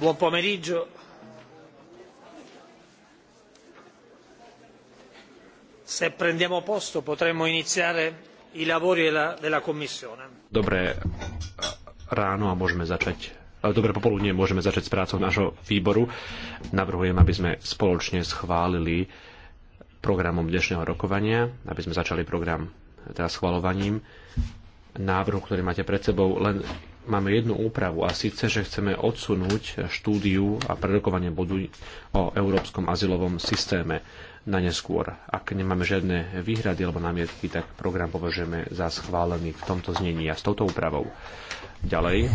Buon pomeriggio. Se prendiamo posto potremmo iniziare i lavori della, della Commissione. dobre eh, ráno a môžeme začať eh, dobre popoludne môžeme začať s prácou nášho výboru. Navrhujem, aby sme spoločne schválili programom dnešného rokovania, aby sme začali program teda schvalovaním návrhu, ktorý máte pred sebou. Len máme jednu úpravu a síce, že chceme odsunúť štúdiu a prerokovanie bodu o európskom azylovom systéme na neskôr. Ak nemáme žiadne výhrady alebo námietky, tak program považujeme za schválený v tomto znení a s touto úpravou. Ďalej,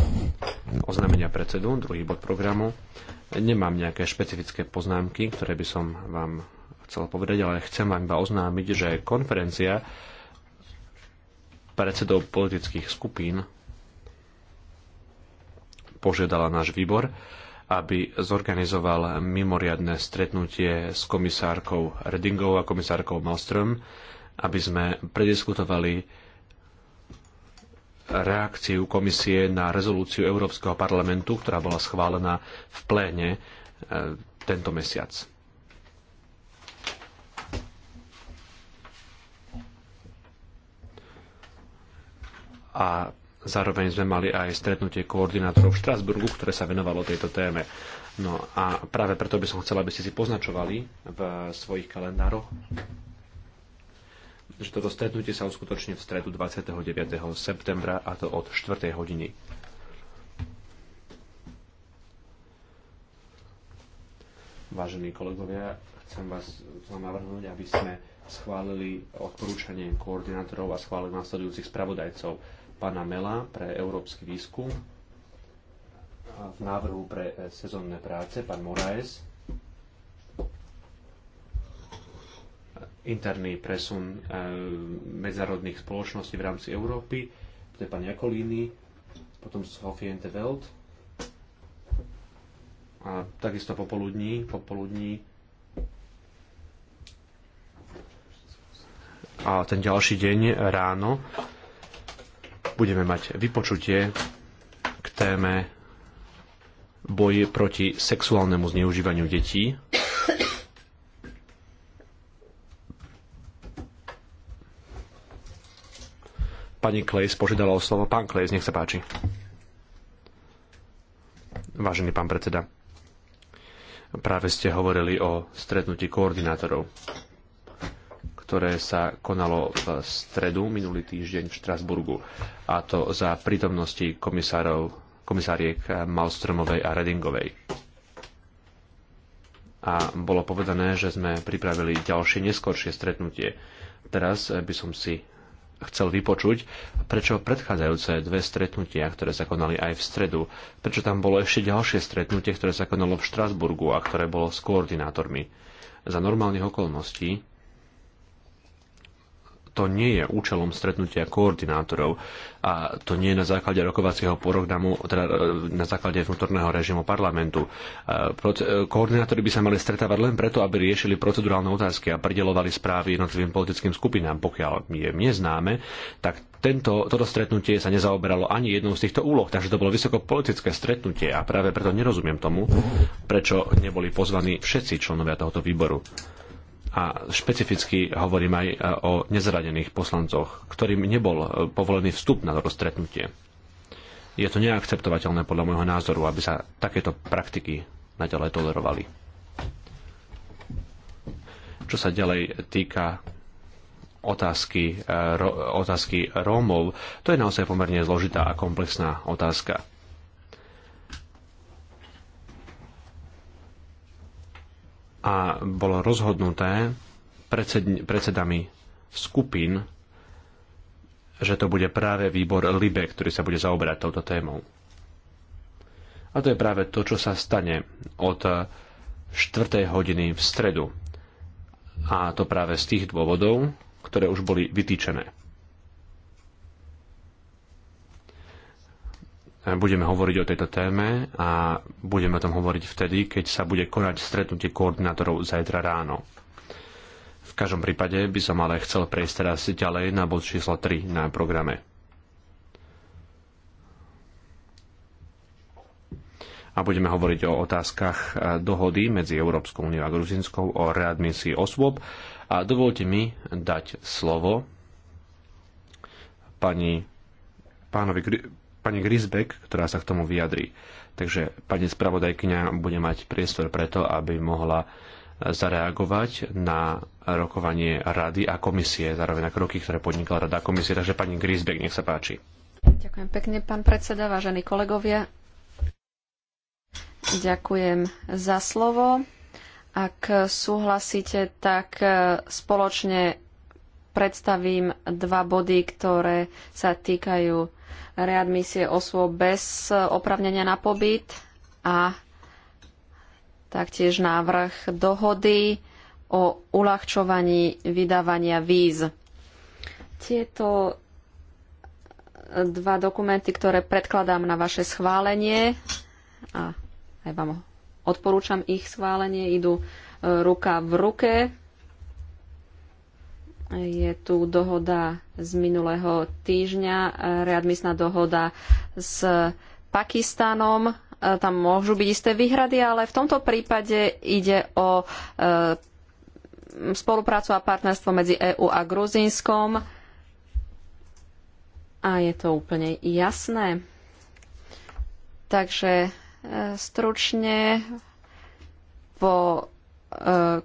oznámenia predsedu, druhý bod programu. Nemám nejaké špecifické poznámky, ktoré by som vám chcel povedať, ale chcem vám iba oznámiť, že konferencia predsedov politických skupín požiadala náš výbor, aby zorganizoval mimoriadne stretnutie s komisárkou Redingovou a komisárkou Malström, aby sme prediskutovali reakciu komisie na rezolúciu Európskeho parlamentu, ktorá bola schválená v pléne e, tento mesiac. A Zároveň sme mali aj stretnutie koordinátorov v Štrasburgu, ktoré sa venovalo tejto téme. No a práve preto by som chcela, aby ste si poznačovali v svojich kalendároch, že toto stretnutie sa uskutoční v stredu 29. septembra a to od 4. hodiny. Vážení kolegovia, chcem vás chcem navrhnúť, aby sme schválili odporúčanie koordinátorov a schválili následujúcich spravodajcov pána Mela pre európsky výskum a v návrhu pre e, sezónne práce pán Moraes interný presun e, medzárodných spoločností v rámci Európy to je pán Jakolíny potom Sofie de Welt a takisto popoludní, popoludní a ten ďalší deň ráno budeme mať vypočutie k téme boji proti sexuálnemu zneužívaniu detí. Pani Klejs požiadala o slovo. Pán Klejs, nech sa páči. Vážený pán predseda, práve ste hovorili o stretnutí koordinátorov ktoré sa konalo v stredu minulý týždeň v Štrasburgu, a to za prítomnosti komisárov, komisáriek Malstromovej a Redingovej. A bolo povedané, že sme pripravili ďalšie neskoršie stretnutie. Teraz by som si chcel vypočuť, prečo predchádzajúce dve stretnutia, ktoré sa konali aj v stredu, prečo tam bolo ešte ďalšie stretnutie, ktoré sa konalo v Štrasburgu a ktoré bolo s koordinátormi. Za normálnych okolností to nie je účelom stretnutia koordinátorov a to nie je na základe rokovacieho programu, teda e, na základe vnútorného režimu parlamentu. E, e, koordinátori by sa mali stretávať len preto, aby riešili procedurálne otázky a predelovali správy jednotlivým politickým skupinám. Pokiaľ je mne známe, tak tento, toto stretnutie sa nezaoberalo ani jednou z týchto úloh, takže to bolo vysoko politické stretnutie a práve preto nerozumiem tomu, prečo neboli pozvaní všetci členovia tohoto výboru a špecificky hovorím aj e, o nezradených poslancoch, ktorým nebol e, povolený vstup na toto stretnutie. Je to neakceptovateľné podľa môjho názoru, aby sa takéto praktiky naďalej tolerovali. Čo sa ďalej týka otázky, e, ro, otázky Rómov, to je naozaj pomerne zložitá a komplexná otázka a bolo rozhodnuté predsed, predsedami skupín, že to bude práve výbor LIBE, ktorý sa bude zaoberať touto témou. A to je práve to, čo sa stane od 4. hodiny v stredu. A to práve z tých dôvodov, ktoré už boli vytýčené. budeme hovoriť o tejto téme a budeme o tom hovoriť vtedy, keď sa bude konať stretnutie koordinátorov zajtra ráno. V každom prípade by som ale chcel prejsť teraz ďalej na bod číslo 3 na programe. A budeme hovoriť o otázkach dohody medzi Európskou úniou a Gruzinskou o readmisii osôb. A dovolte mi dať slovo pani pánovi pani Grisbeck, ktorá sa k tomu vyjadrí. Takže pani spravodajkyňa bude mať priestor preto, aby mohla zareagovať na rokovanie rady a komisie, zároveň na kroky, ktoré podnikla rada a komisie. Takže pani Grisbeck, nech sa páči. Ďakujem pekne, pán predseda, vážení kolegovia. Ďakujem za slovo. Ak súhlasíte, tak spoločne predstavím dva body, ktoré sa týkajú readmisie osôb bez opravnenia na pobyt a taktiež návrh dohody o uľahčovaní vydávania víz. Tieto dva dokumenty, ktoré predkladám na vaše schválenie a aj vám odporúčam ich schválenie, idú e, ruka v ruke. Je tu dohoda z minulého týždňa, e, readmisná dohoda s Pakistanom. E, tam môžu byť isté výhrady, ale v tomto prípade ide o e, spoluprácu a partnerstvo medzi EÚ a Gruzínskom. A je to úplne jasné. Takže stručne po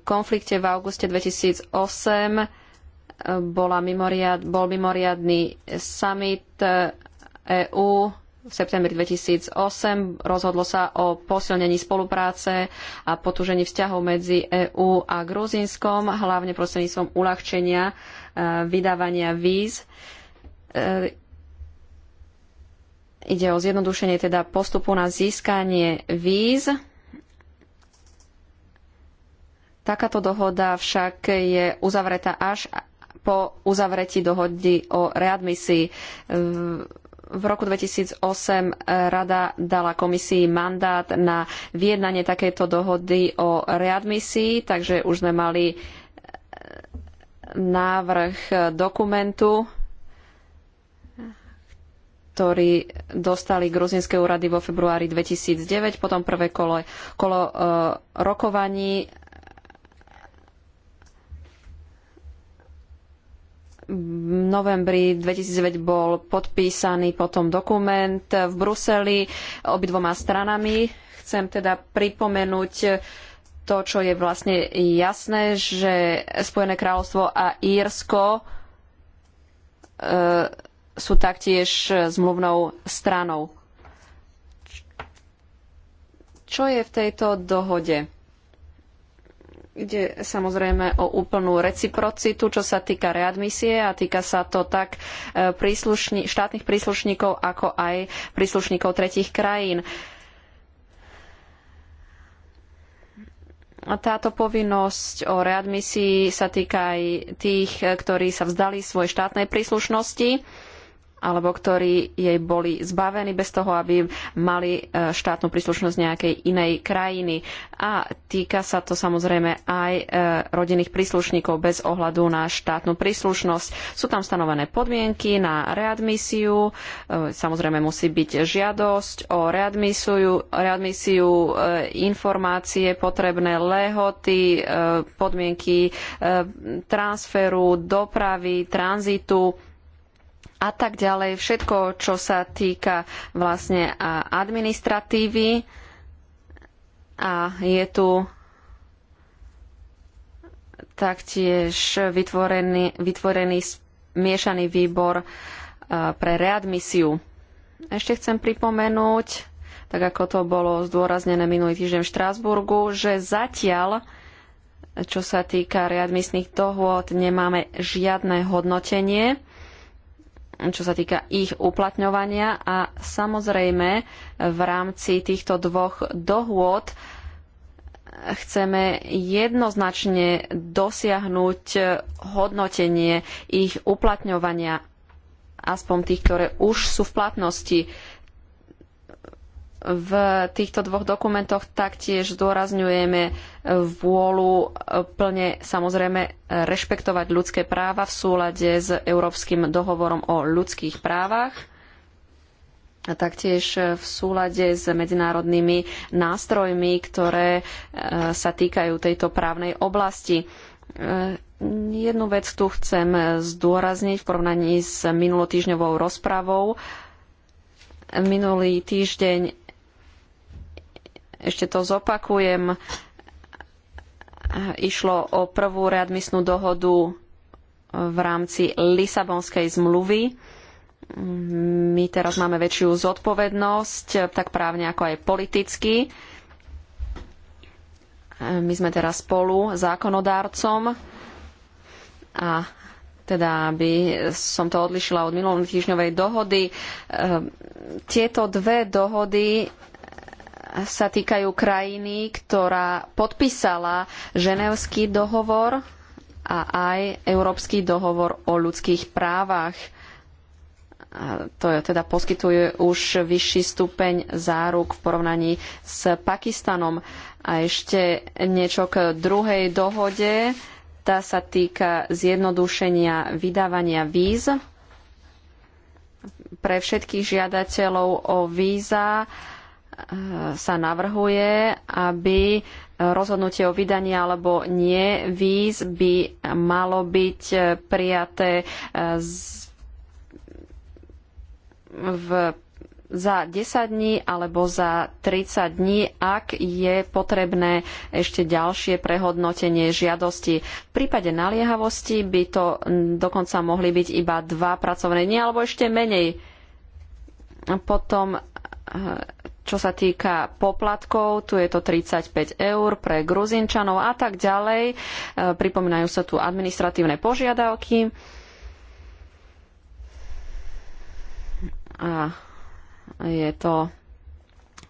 konflikte v auguste 2008 bola mimoriad, bol mimoriadný summit EÚ e v septembri 2008. Rozhodlo sa o posilnení spolupráce a potúžení vzťahov medzi EÚ a Gruzínskom, hlavne prostredníctvom uľahčenia e, vydávania víz. E, ide o zjednodušenie teda postupu na získanie víz. Takáto dohoda však je uzavretá až po uzavretí dohody o readmisii. V roku 2008 rada dala komisii mandát na vyjednanie takejto dohody o readmisii, takže už sme mali e, návrh dokumentu, ktorý dostali gruzinské úrady vo februári 2009, potom prvé kolo, kolo e, rokovaní V novembri 2009 bol podpísaný potom dokument v Bruseli obidvoma stranami. Chcem teda pripomenúť to, čo je vlastne jasné, že Spojené kráľovstvo a Írsko e, sú taktiež zmluvnou stranou. Čo je v tejto dohode? ide samozrejme o úplnú reciprocitu, čo sa týka readmisie a týka sa to tak e, štátnych príslušníkov, ako aj príslušníkov tretích krajín. A táto povinnosť o readmisii sa týka aj tých, ktorí sa vzdali svojej štátnej príslušnosti alebo ktorí jej boli zbavení bez toho, aby mali e, štátnu príslušnosť nejakej inej krajiny. A týka sa to samozrejme aj e, rodinných príslušníkov bez ohľadu na štátnu príslušnosť. Sú tam stanovené podmienky na readmisiu, e, samozrejme musí byť žiadosť o readmisiu, readmisiu informácie, potrebné lehoty, podmienky transferu, dopravy, tranzitu a tak ďalej. Všetko, čo sa týka vlastne administratívy a je tu taktiež vytvorený, vytvorený miešaný výbor pre readmisiu. Ešte chcem pripomenúť, tak ako to bolo zdôraznené minulý týždeň v Štrásburgu, že zatiaľ, čo sa týka readmisných dohôd, nemáme žiadne hodnotenie čo sa týka ich uplatňovania a samozrejme v rámci týchto dvoch dohôd chceme jednoznačne dosiahnuť hodnotenie ich uplatňovania, aspoň tých, ktoré už sú v platnosti. V týchto dvoch dokumentoch taktiež zdôrazňujeme vôľu e, plne samozrejme e, rešpektovať ľudské práva v súlade s Európskym dohovorom o ľudských právach a taktiež e, v súlade s medzinárodnými nástrojmi, ktoré sa týkajú tejto právnej oblasti. Jednu vec tu chcem zdôrazniť v porovnaní s minulotýžňovou rozpravou. Minulý týždeň ešte to zopakujem. Išlo o prvú readmisnú dohodu v rámci Lisabonskej zmluvy. My teraz máme väčšiu zodpovednosť, tak právne ako aj politicky. My sme teraz spolu zákonodárcom a teda aby som to odlišila od minulotýžňovej dohody. Ehm, tieto dve dohody sa týkajú krajiny, ktorá podpísala Ženevský dohovor a aj Európsky dohovor o ľudských právach. To je, teda poskytuje už vyšší stupeň záruk v porovnaní s Pakistanom. A ešte niečo k druhej dohode. Tá sa týka zjednodušenia vydávania víz pre všetkých žiadateľov o víza sa navrhuje, aby rozhodnutie o vydaní alebo nie víz by malo byť eh, prijaté eh, z, v, za 10 dní alebo za 30 dní, ak je potrebné ešte ďalšie prehodnotenie žiadosti. V prípade naliehavosti by to hm, dokonca mohli byť iba dva pracovné dni alebo ešte menej. Potom eh, čo sa týka poplatkov, tu je to 35 eur pre gruzinčanov a tak ďalej. E, pripomínajú sa tu administratívne požiadavky. A je to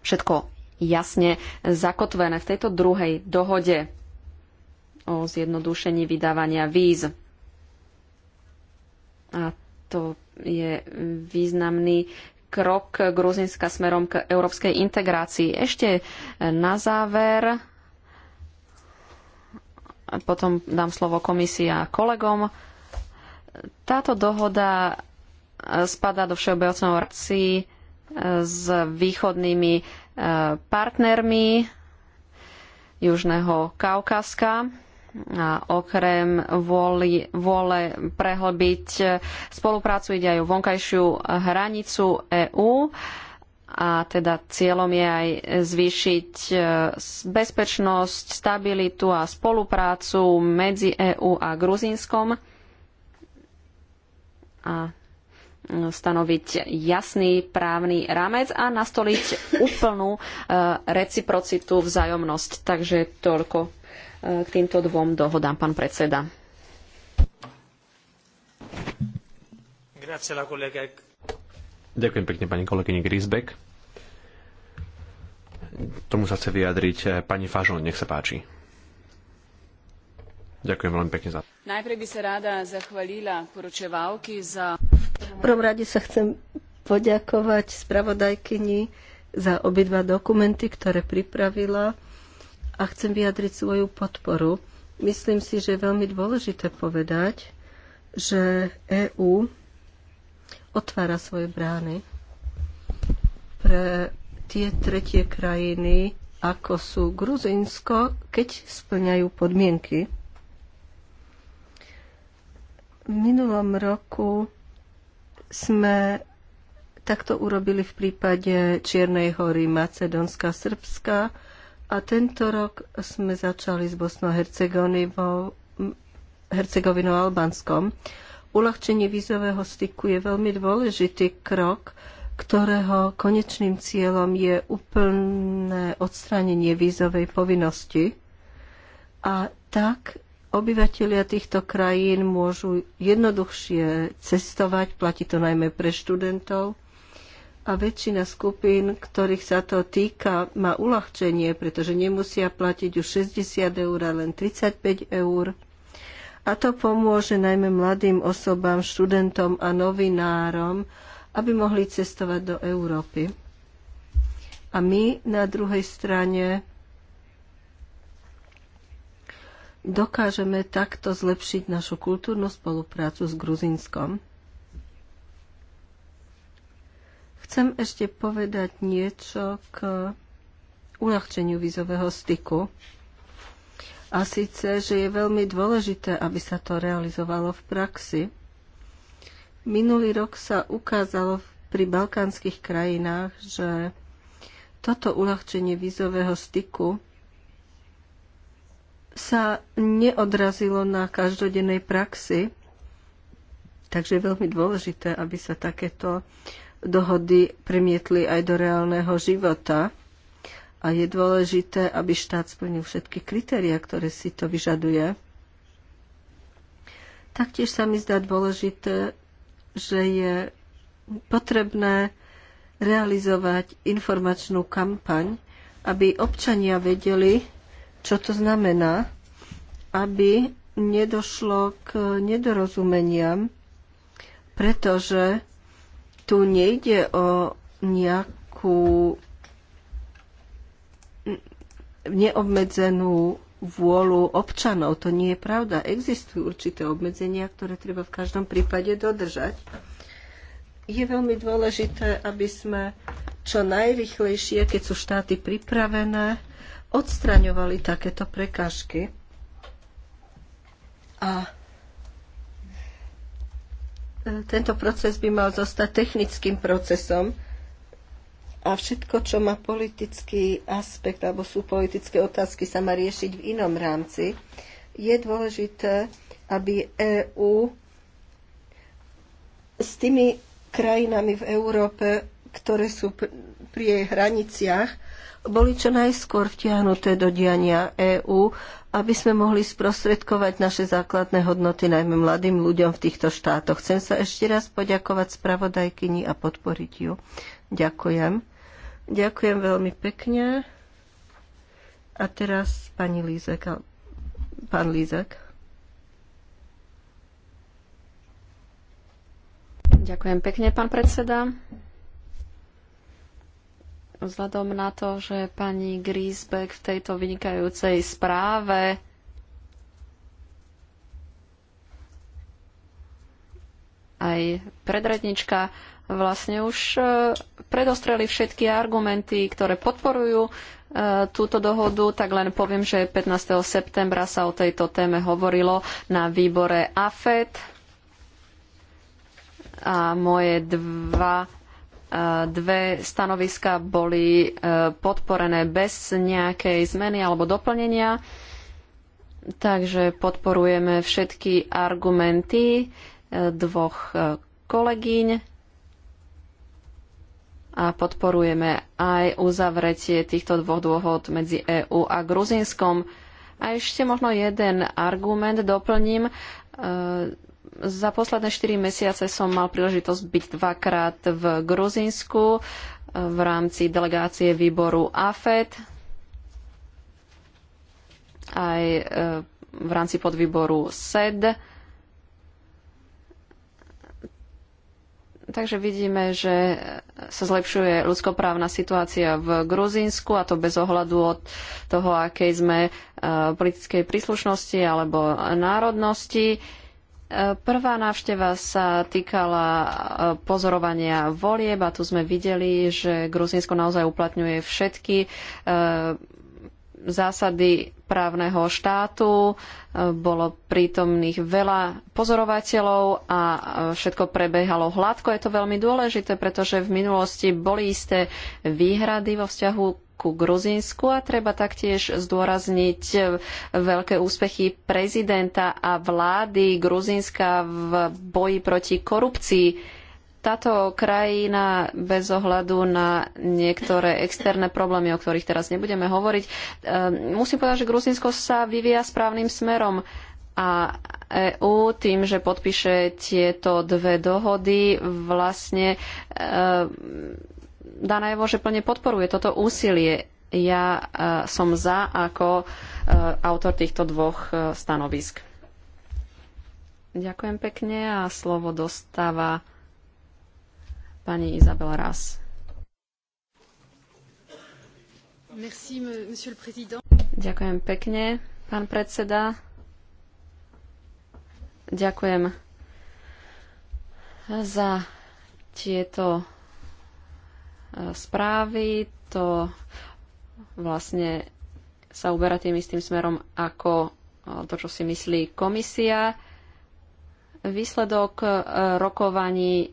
všetko jasne zakotvené v tejto druhej dohode o zjednodušení vydávania víz. A to je významný krok Gruzinska smerom k európskej integrácii. Ešte na záver, potom dám slovo komisii a kolegom. Táto dohoda spadá do všeobecného rácii eh, s východnými eh, partnermi Južného Kaukaska a okrem vôli, vôle prehlbiť spoluprácu ide aj o vonkajšiu hranicu EÚ a teda cieľom je aj zvýšiť e, bezpečnosť, stabilitu a spoluprácu medzi EÚ a Gruzínskom a stanoviť jasný právny rámec a nastoliť úplnú e, reciprocitu, vzájomnosť. Takže toľko k týmto dvom dohodám, pán predseda. Ďakujem pekne pani kolegyni Grisbeck. Tomu sa chce vyjadriť eh, pani Fažon, nech sa páči. Ďakujem veľmi pekne za... Najprv by sa rada zachvalila poročevalky za... V prvom rade sa chcem poďakovať spravodajkyni za obidva dokumenty, ktoré pripravila a chcem vyjadriť svoju podporu. Myslím si, že je veľmi dôležité povedať, že EÚ otvára svoje brány pre tie tretie krajiny, ako sú Gruzinsko, keď splňajú podmienky. V minulom roku sme takto urobili v prípade Čiernej hory Macedónska, Srbska, a tento rok sme začali s Bosnou Hercegovinou, a Albánskom. Uľahčenie vízového styku je veľmi dôležitý krok, ktorého konečným cieľom je úplné odstránenie vízovej povinnosti. A tak obyvatelia týchto krajín môžu jednoduchšie cestovať, platí to najmä pre študentov, a väčšina skupín, ktorých sa to týka, má uľahčenie, pretože nemusia platiť už 60 eur, len 35 eur. A to pomôže najmä mladým osobám, študentom a novinárom, aby mohli cestovať do Európy. A my na druhej strane dokážeme takto zlepšiť našu kultúrnu spoluprácu s Gruzinskom. Chcem ešte povedať niečo k uľahčeniu vízového styku. A síce, že je veľmi dôležité, aby sa to realizovalo v praxi. Minulý rok sa ukázalo pri balkánskych krajinách, že toto uľahčenie vízového styku sa neodrazilo na každodennej praxi, takže je veľmi dôležité, aby sa takéto dohody premietli aj do reálneho života. A je dôležité, aby štát splnil všetky kritéria, ktoré si to vyžaduje. Taktiež sa mi zdá dôležité, že je potrebné realizovať informačnú kampaň, aby občania vedeli, čo to znamená, aby nedošlo k nedorozumeniam, pretože tu nejde o nejakú neobmedzenú vôľu občanov. To nie je pravda. Existujú určité obmedzenia, ktoré treba v každom prípade dodržať. Je veľmi dôležité, aby sme čo najrychlejšie, keď sú štáty pripravené, odstraňovali takéto prekážky. A tento proces by mal zostať technickým procesom a všetko, čo má politický aspekt alebo sú politické otázky, sa má riešiť v inom rámci. Je dôležité, aby EÚ s tými krajinami v Európe, ktoré sú pri jej hraniciach, boli čo najskôr vtiahnuté do diania EÚ, aby sme mohli sprostredkovať naše základné hodnoty najmä mladým ľuďom v týchto štátoch. Chcem sa ešte raz poďakovať spravodajkyni a podporiť ju. Ďakujem. Ďakujem veľmi pekne. A teraz pani Lízek. Pán Lízek. Ďakujem pekne, pán predseda. Vzhľadom na to, že pani Griesbeck v tejto vynikajúcej správe aj predrednička vlastne už e, predostreli všetky argumenty, ktoré podporujú e, túto dohodu, tak len poviem, že 15. septembra sa o tejto téme hovorilo na výbore AFET a moje dva dve stanoviska boli e, podporené bez nejakej zmeny alebo doplnenia. Takže podporujeme všetky argumenty e, dvoch e, kolegyň a podporujeme aj uzavretie týchto dvoch dôhod medzi EÚ a Gruzinskom. A ešte možno jeden argument doplním za posledné 4 mesiace som mal príležitosť byť dvakrát v Gruzinsku eh, v rámci delegácie výboru AFED aj eh, v rámci podvýboru SED. Takže vidíme, že sa zlepšuje ľudskoprávna situácia v Gruzínsku a to bez ohľadu od toho, akej sme eh, politickej príslušnosti alebo národnosti. Prvá návšteva sa týkala e, pozorovania volieb a tu sme videli, že Gruzinsko naozaj uplatňuje všetky e, zásady právneho štátu. E, bolo prítomných veľa pozorovateľov a všetko prebehalo hladko. Je to veľmi dôležité, pretože v minulosti boli isté výhrady vo vzťahu k ku Gruzínsku a treba taktiež zdôrazniť eh, veľké úspechy prezidenta a vlády Gruzínska v boji proti korupcii. Táto krajina bez ohľadu na niektoré externé problémy, o ktorých teraz nebudeme hovoriť, eh, musím povedať, že Gruzínsko sa vyvíja správnym smerom a EU, tým, že podpíše tieto dve dohody, vlastne e, dá najevo, že plne podporuje toto úsilie. Ja e, som za ako e, autor týchto dvoch e, stanovisk. Ďakujem pekne a slovo dostáva pani Izabela Rás. Merci, Ďakujem pekne, pán predseda. Ďakujem za tieto správy. To vlastne sa uberá tým istým smerom ako e, to, čo si myslí komisia. Výsledok e, rokovaní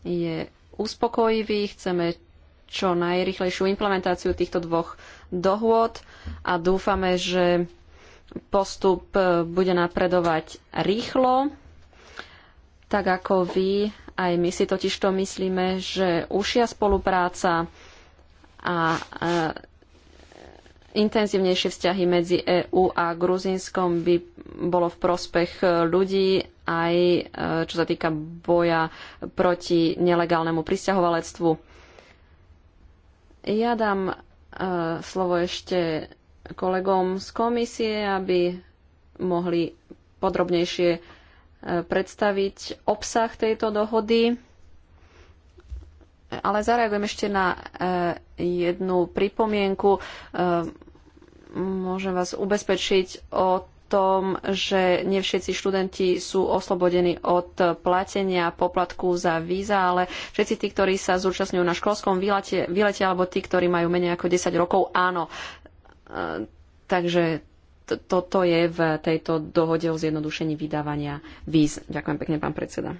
je uspokojivý. Chceme čo najrychlejšiu implementáciu týchto dvoch dohôd a dúfame, že postup e, bude napredovať rýchlo, tak ako vy aj my si totiž to myslíme, že užšia spolupráca a intenzívnejšie vzťahy medzi EÚ a Gruzínskom by bolo v prospech ľudí aj e, čo sa týka boja proti nelegálnemu pristahovalectvu. Ja dám e, slovo ešte kolegom z komisie, aby mohli podrobnejšie predstaviť obsah tejto dohody. Ale zareagujem ešte na e, jednu pripomienku. E, môžem vás ubezpečiť o tom, že nie všetci študenti sú oslobodení od platenia poplatku za víza, ale všetci tí, ktorí sa zúčastňujú na školskom výlete, výlete alebo tí, ktorí majú menej ako 10 rokov, áno. E, takže toto je v tejto dohode o zjednodušení vydávania víz. Ďakujem pekne, pán predseda.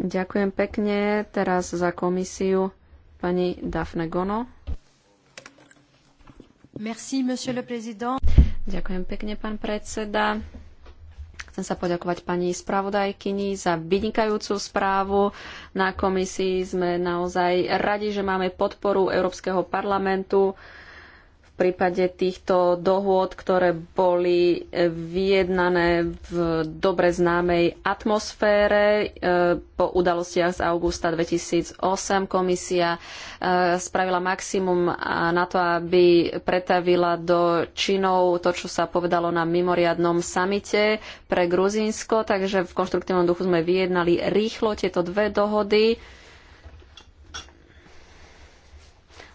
Ďakujem pekne. Teraz za komisiu pani Dafne Gono. Merci, monsieur le président. Ďakujem pekne, pán predseda. Chcem sa poďakovať pani spravodajkyni za vynikajúcu správu. Na komisii sme naozaj radi, že máme podporu Európskeho parlamentu prípade týchto dohôd, ktoré boli e, vyjednané v dobre známej atmosfére. E, po udalostiach z augusta 2008 komisia e, spravila maximum na to, aby pretavila do činov to, čo sa povedalo na mimoriadnom samite pre Gruzínsko. Takže v konštruktívnom duchu sme vyjednali rýchlo tieto dve dohody.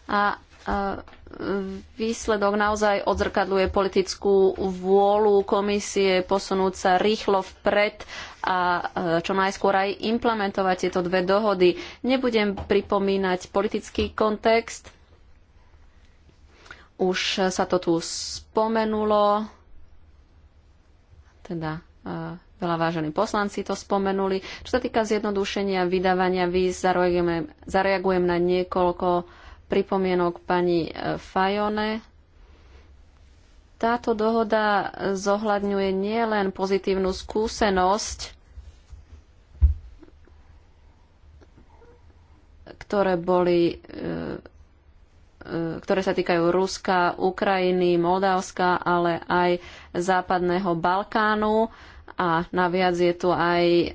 A, a výsledok naozaj odzrkadluje politickú vôľu komisie posunúť sa rýchlo vpred a e, čo najskôr aj implementovať tieto dve dohody. Nebudem pripomínať politický kontext. Už sa to tu spomenulo, teda e, veľa vážení poslanci to spomenuli. Čo sa týka zjednodušenia vydávania víz, zareagujem, zareagujem na niekoľko pripomienok pani e, Fajone. Táto dohoda zohľadňuje nielen pozitívnu skúsenosť, ktoré boli e, e, ktoré sa týkajú Ruska, Ukrajiny, Moldavska, ale aj Západného Balkánu a naviac je tu aj e,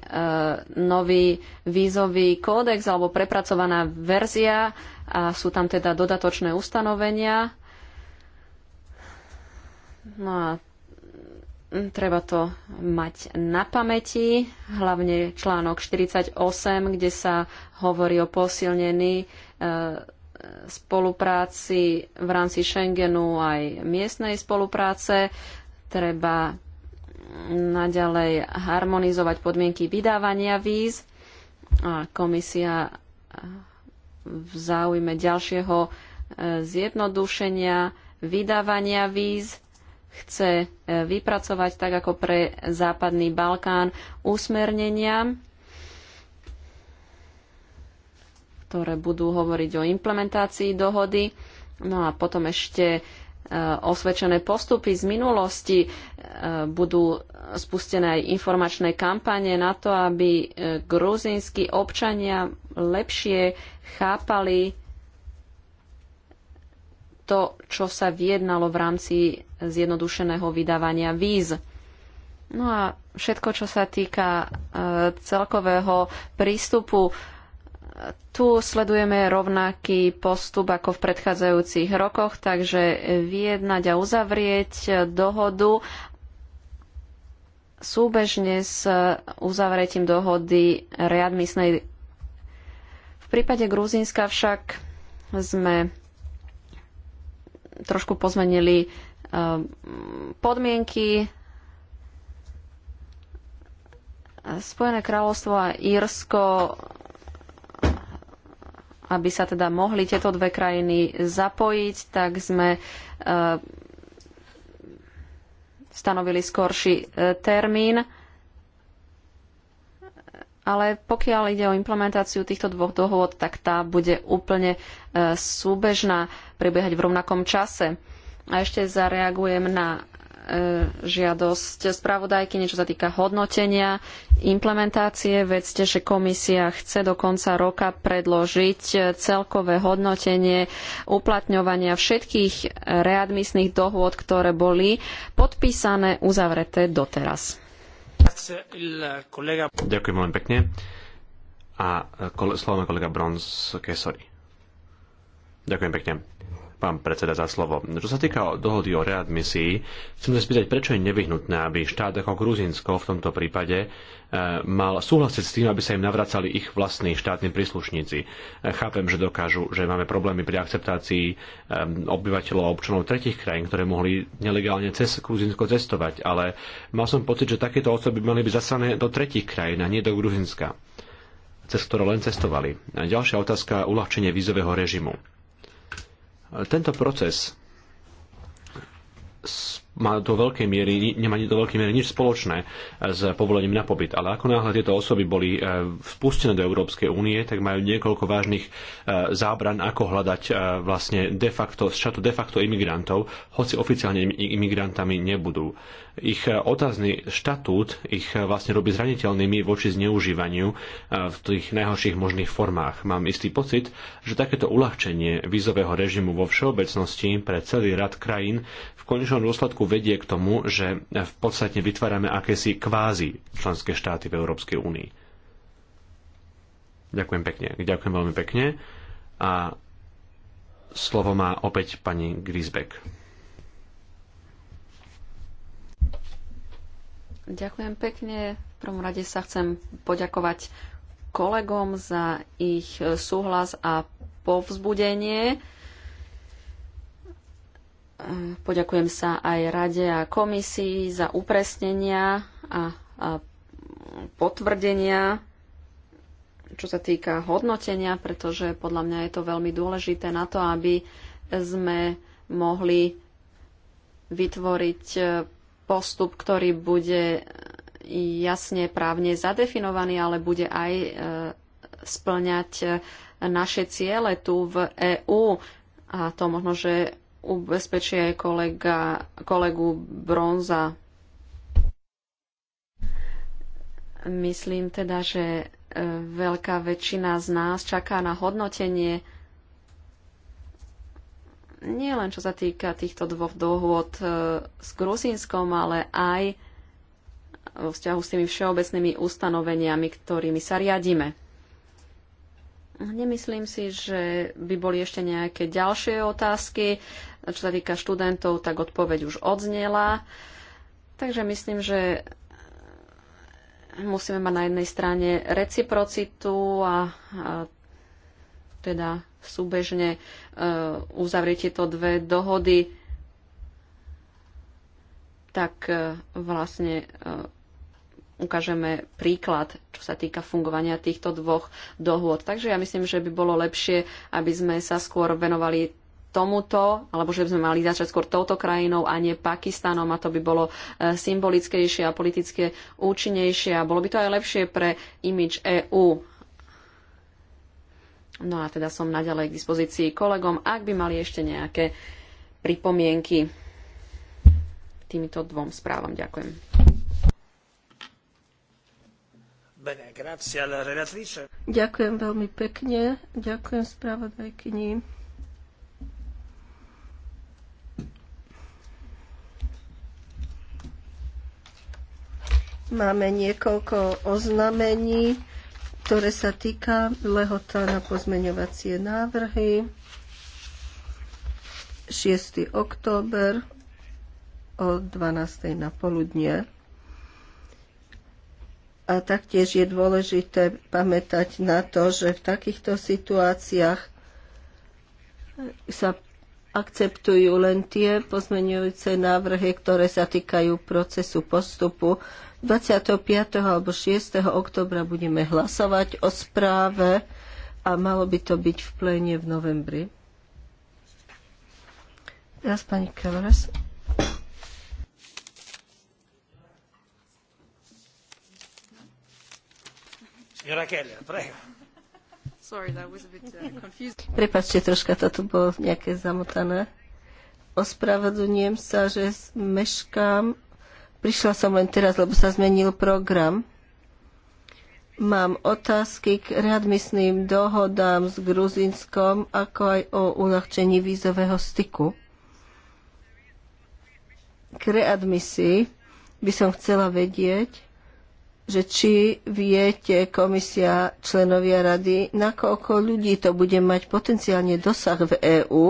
nový vízový kódex alebo prepracovaná verzia a sú tam teda dodatočné ustanovenia. No a mm, treba to mať na pamäti, hlavne článok 48, kde sa hovorí o posilnení e, spolupráci v rámci Schengenu aj miestnej spolupráce. Treba naďalej harmonizovať podmienky vydávania víz a komisia v záujme ďalšieho e, zjednodušenia vydávania víz chce e, vypracovať tak ako pre Západný Balkán usmernenia, ktoré budú hovoriť o implementácii dohody. No a potom ešte Eh, osvedčené postupy z minulosti. Eh, budú spustené aj informačné kampane na to, aby eh, gruzínsky občania lepšie chápali to, čo sa vyjednalo v rámci zjednodušeného vydávania víz. No a všetko, čo sa týka celkového prístupu tu sledujeme rovnaký postup ako v predchádzajúcich rokoch, takže vyjednať a uzavrieť dohodu súbežne s uzavretím dohody readmisnej. V prípade Gruzínska však sme trošku pozmenili eh, podmienky. Spojené kráľovstvo a Írsko aby sa teda mohli tieto dve krajiny zapojiť, tak sme e, stanovili skorší e, termín. Ale pokiaľ ide o implementáciu týchto dvoch dohôd, tak tá bude úplne e, súbežná, prebiehať v rovnakom čase. A ešte zareagujem na žiadosť spravodajky, niečo sa týka hodnotenia, implementácie. Vedzte, že komisia chce do konca roka predložiť celkové hodnotenie uplatňovania všetkých readmisných dohôd, ktoré boli podpísané, uzavreté doteraz. Ďakujem veľmi pekne. A slovo má kolega Brons Kesori. Ďakujem pekne pán predseda, za slovo. Čo sa týka dohody o readmisii, chcem sa spýtať, prečo je nevyhnutné, aby štát ako Gruzinsko v tomto prípade e, mal súhlasiť s tým, aby sa im navracali ich vlastní štátni príslušníci. E, chápem, že dokážu, že máme problémy pri akceptácii e, obyvateľov a občanov tretich krajín, ktoré mohli nelegálne cez Gruzinsko cestovať, ale mal som pocit, že takéto osoby mali byť zaslané do tretich krajín a nie do Gruzinska cez ktoré len cestovali. A ďalšia otázka, uľahčenie vízového režimu. Tento proces má do veľkej miery, nemá do veľkej miery nič spoločné s povolením na pobyt. Ale ako náhle tieto osoby boli vpustené e, do Európskej únie, tak majú niekoľko vážnych e, zábran, ako hľadať e, vlastne de facto, z čatu de facto imigrantov, hoci oficiálne imigrantami nebudú ich eh, otázny štatút ich eh, vlastne robí zraniteľnými voči zneužívaniu eh, v tých najhorších možných formách. Mám istý pocit, že takéto uľahčenie vízového režimu vo všeobecnosti pre celý rad krajín v konečnom dôsledku vedie k tomu, že v podstate vytvárame akési kvázi členské štáty v Európskej únii. Ďakujem pekne. Ďakujem veľmi pekne. A slovo má opäť pani Grisbeck. Ďakujem pekne. V prvom rade sa chcem poďakovať kolegom za ich e, súhlas a povzbudenie. E, poďakujem sa aj Rade a komisii za upresnenia a, a potvrdenia, čo sa týka hodnotenia, pretože podľa mňa je to veľmi dôležité na to, aby sme mohli vytvoriť e, postup, ktorý bude jasne právne zadefinovaný, ale bude aj e, splňať e, naše ciele tu v EÚ. A to možno, že ubezpečí aj kolega, kolegu Bronza. Myslím teda, že e, veľká väčšina z nás čaká na hodnotenie nie len čo sa týka týchto dvoch dohôd e, s Gruzínskom, ale aj vo vzťahu s tými všeobecnými ustanoveniami, ktorými sa riadíme. Nemyslím si, že by boli ešte nejaké ďalšie otázky. Čo sa týka študentov, tak odpoveď už odznela. Takže myslím, že musíme mať na jednej strane reciprocitu a, a teda súbežne e, uzavrieť tieto dve dohody, tak e, vlastne e, ukážeme príklad, čo sa týka fungovania týchto dvoch dohôd. Takže ja myslím, že by bolo lepšie, aby sme sa skôr venovali tomuto, alebo že by sme mali začať skôr touto krajinou a nie Pakistanom a to by bolo symbolickejšie a politické účinnejšie a bolo by to aj lepšie pre imič EÚ. No a teda som naďalej k dispozícii kolegom, ak by mali ešte nejaké pripomienky týmto dvom správam. Ďakujem. Ďakujem veľmi pekne. Ďakujem spravodajkyni. Máme niekoľko oznamení ktoré sa týka lehota na pozmeňovacie návrhy. 6. október o 12. na poludnie. A taktiež je dôležité pamätať na to, že v takýchto situáciách sa akceptujú len tie pozmeňujúce návrhy, ktoré sa týkajú procesu postupu. 25. alebo 6. oktobra budeme hlasovať o správe a malo by to byť v pléne v novembri. Teraz pani Kevres. Signora prego. Uh, Prepačte, troška to tu bolo nejaké zamotané. Ospravedlňujem sa, že meškám. Prišla som len teraz, lebo sa zmenil program. Mám otázky k readmisným dohodám s Gruzinskom, ako aj o uľahčení vízového styku. K readmisii by som chcela vedieť, že či viete, komisia, členovia rady, nakoľko ľudí to bude mať potenciálne dosah v EÚ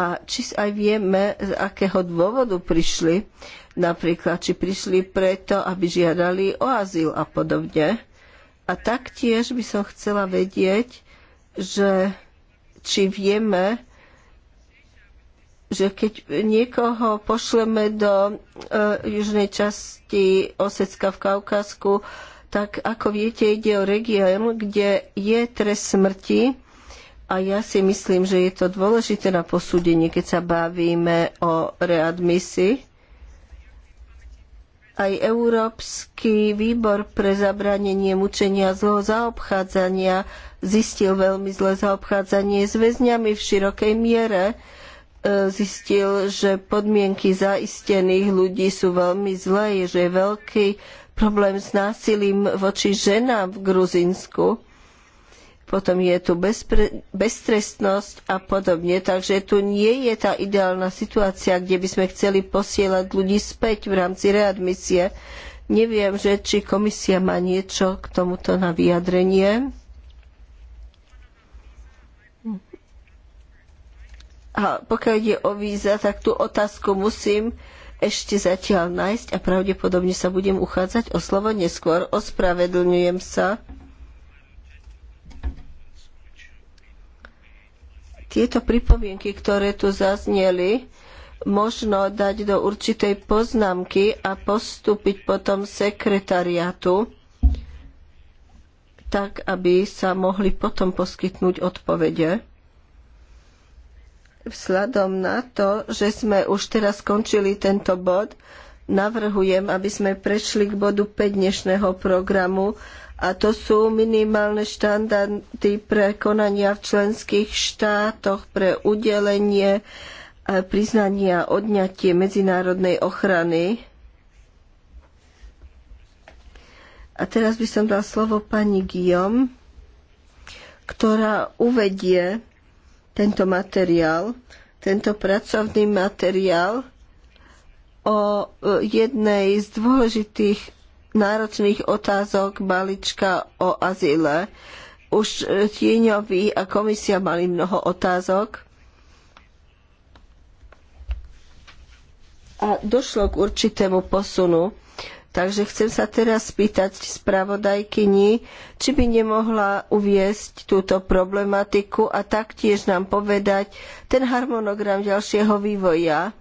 a či aj vieme, z akého dôvodu prišli, napríklad či prišli preto, aby žiadali o azyl a podobne. A taktiež by som chcela vedieť, že či vieme, že keď niekoho pošleme do e, južnej časti Osecka v Kaukasku, tak ako viete, ide o región, kde je trest smrti a ja si myslím, že je to dôležité na posúdenie, keď sa bavíme o readmisii. Aj Európsky výbor pre zabranenie mučenia zlého zaobchádzania zistil veľmi zlé zaobchádzanie s väzňami v širokej miere E, zistil, že podmienky zaistených ľudí sú veľmi zlé, že je veľký problém s násilím voči ženám v Gruzínsku. Potom je tu bezpre, beztrestnosť a podobne. Takže tu nie je tá ideálna situácia, kde by sme chceli posielať ľudí späť v rámci readmisie. Neviem, že či komisia má niečo k tomuto na vyjadrenie. A pokiaľ ide o víza, tak tú otázku musím ešte zatiaľ nájsť a pravdepodobne sa budem uchádzať o slovo neskôr. Ospravedlňujem sa. Tieto pripomienky, ktoré tu zazneli, možno dať do určitej poznámky a postúpiť potom sekretariátu, tak aby sa mohli potom poskytnúť odpovede vzhľadom na to, že sme už teraz skončili tento bod, navrhujem, aby sme prešli k bodu 5 dnešného programu a to sú minimálne štandardy pre konania v členských štátoch pre udelenie priznania a odňatie medzinárodnej ochrany. A teraz by som dal slovo pani Guillaume, ktorá uvedie tento materiál, tento pracovný materiál o e, jednej z dôležitých náročných otázok balíčka o azyle. Už e, Tieňovi a komisia mali mnoho otázok. A došlo k určitému posunu. Takže chcem sa teraz spýtať spravodajkyni, či by nemohla uviesť túto problematiku a taktiež nám povedať ten harmonogram ďalšieho vývoja.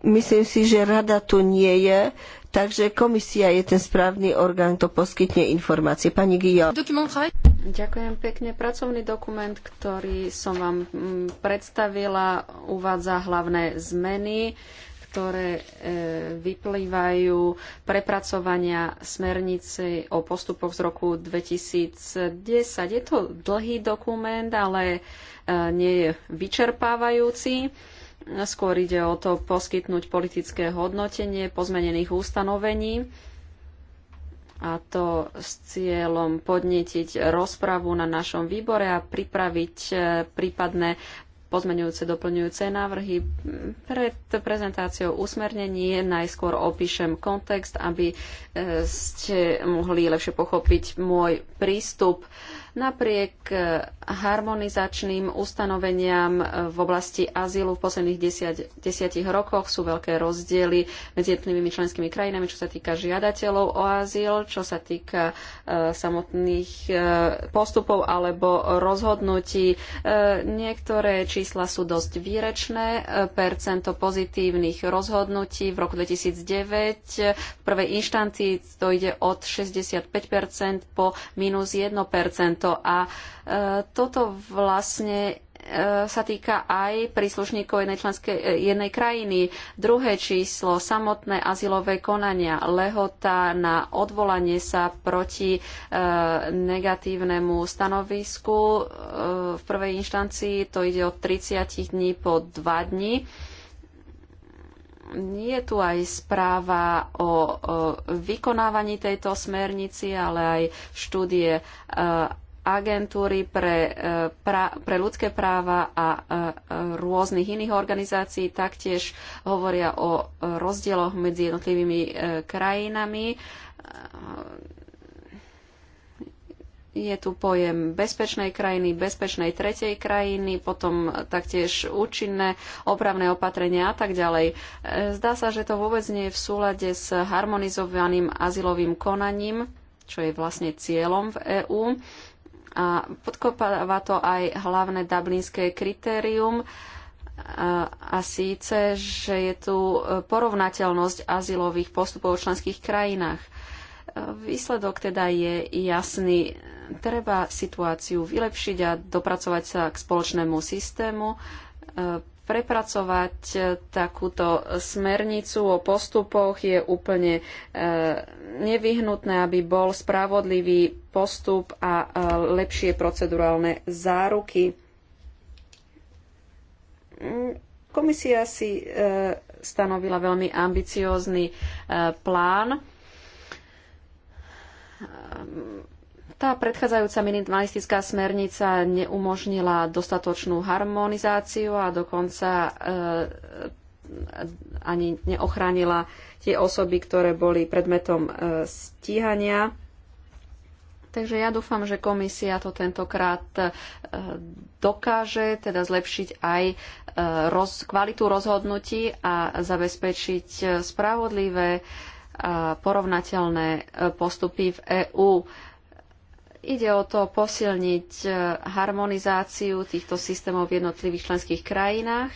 Myslím si, že rada tu nie je, takže komisia je ten správny orgán, kto poskytne informácie. Pani Gio. Ďakujem pekne. Pracovný dokument, ktorý som vám mm, predstavila, uvádza hlavné zmeny ktoré e, vyplývajú prepracovania smernice o postupoch z roku 2010. Je to dlhý dokument, ale e, nie je vyčerpávajúci. Skôr ide o to poskytnúť politické hodnotenie pozmenených ustanovení a to s cieľom podnetiť rozpravu na našom výbore a pripraviť e, prípadné pozmeňujúce, doplňujúce návrhy. Pred prezentáciou usmernení najskôr opíšem kontext, aby e, ste mohli lepšie pochopiť môj prístup. Uh, Napriek eh, harmonizačným ustanoveniam eh, v oblasti azylu v posledných desiat, desiatich rokoch sú veľké rozdiely medzi jednotlivými členskými krajinami, čo sa týka žiadateľov o azyl, čo sa týka e, samotných e, postupov alebo rozhodnutí. E, niektoré čísla sú dosť výrečné. percento pozitívnych rozhodnutí v roku 2009 v prvej inštancii to ide od 65% po minus 1% to. A e, toto vlastne e, sa týka aj príslušníkov jednej, členskej, e, jednej krajiny. Druhé číslo, samotné azylové konania, lehota na odvolanie sa proti e, negatívnemu stanovisku e, v prvej inštancii, to ide od 30 dní po 2 dní. Je tu aj správa o, o vykonávaní tejto smernici, ale aj štúdie e, agentúry pre, e, pra, pre ľudské práva a e, rôznych iných organizácií taktiež hovoria o rozdieloch medzi jednotlivými e, krajinami. Je tu pojem bezpečnej krajiny, bezpečnej tretej krajiny, potom taktiež účinné opravné opatrenia a tak ďalej. Zdá sa, že to vôbec nie je v súlade s harmonizovaným azylovým konaním, čo je vlastne cieľom v EÚ. A podkopáva to aj hlavné dublinské kritérium a síce, že je tu porovnateľnosť azylových postupov v členských krajinách. Výsledok teda je jasný. Treba situáciu vylepšiť a dopracovať sa k spoločnému systému e, prepracovať e, takúto smernicu o postupoch je úplne e, nevyhnutné, aby bol spravodlivý postup a e, lepšie procedurálne záruky. Mm, komisia si stanovila veľmi ambiciózny plán tá predchádzajúca minimalistická smernica neumožnila dostatočnú harmonizáciu a dokonca e, ani neochránila tie osoby, ktoré boli predmetom e, stíhania. Takže ja dúfam, že komisia to tentokrát e, dokáže teda zlepšiť aj e, roz, kvalitu rozhodnutí a zabezpečiť spravodlivé a porovnateľné postupy v EÚ. Ide o to posilniť e, harmonizáciu týchto systémov v jednotlivých členských krajinách.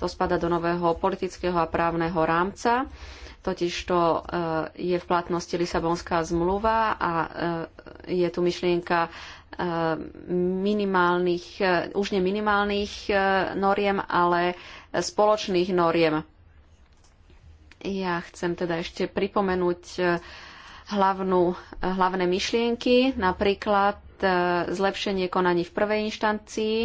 To spada do nového politického a právneho rámca. Totižto e, je v platnosti Lisabonská zmluva a e, je tu myšlienka minimálnych, už ne minimálnych noriem, ale spoločných noriem. Ja chcem teda ešte pripomenúť hlavnú, eh, hlavné myšlienky, napríklad eh, zlepšenie konaní v prvej inštancii,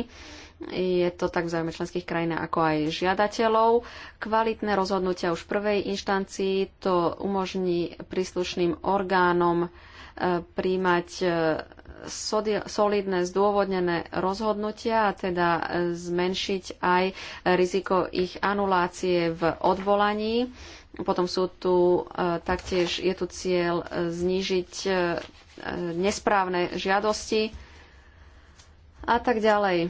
je to tak v záujme členských krajín ako aj žiadateľov. Kvalitné rozhodnutia už v prvej inštancii to umožní príslušným orgánom eh, príjmať solidné, zdôvodnené rozhodnutia a teda zmenšiť aj riziko ich anulácie v odvolaní potom sú tu e, taktiež, je tu cieľ e, znížiť e, nesprávne žiadosti a tak ďalej.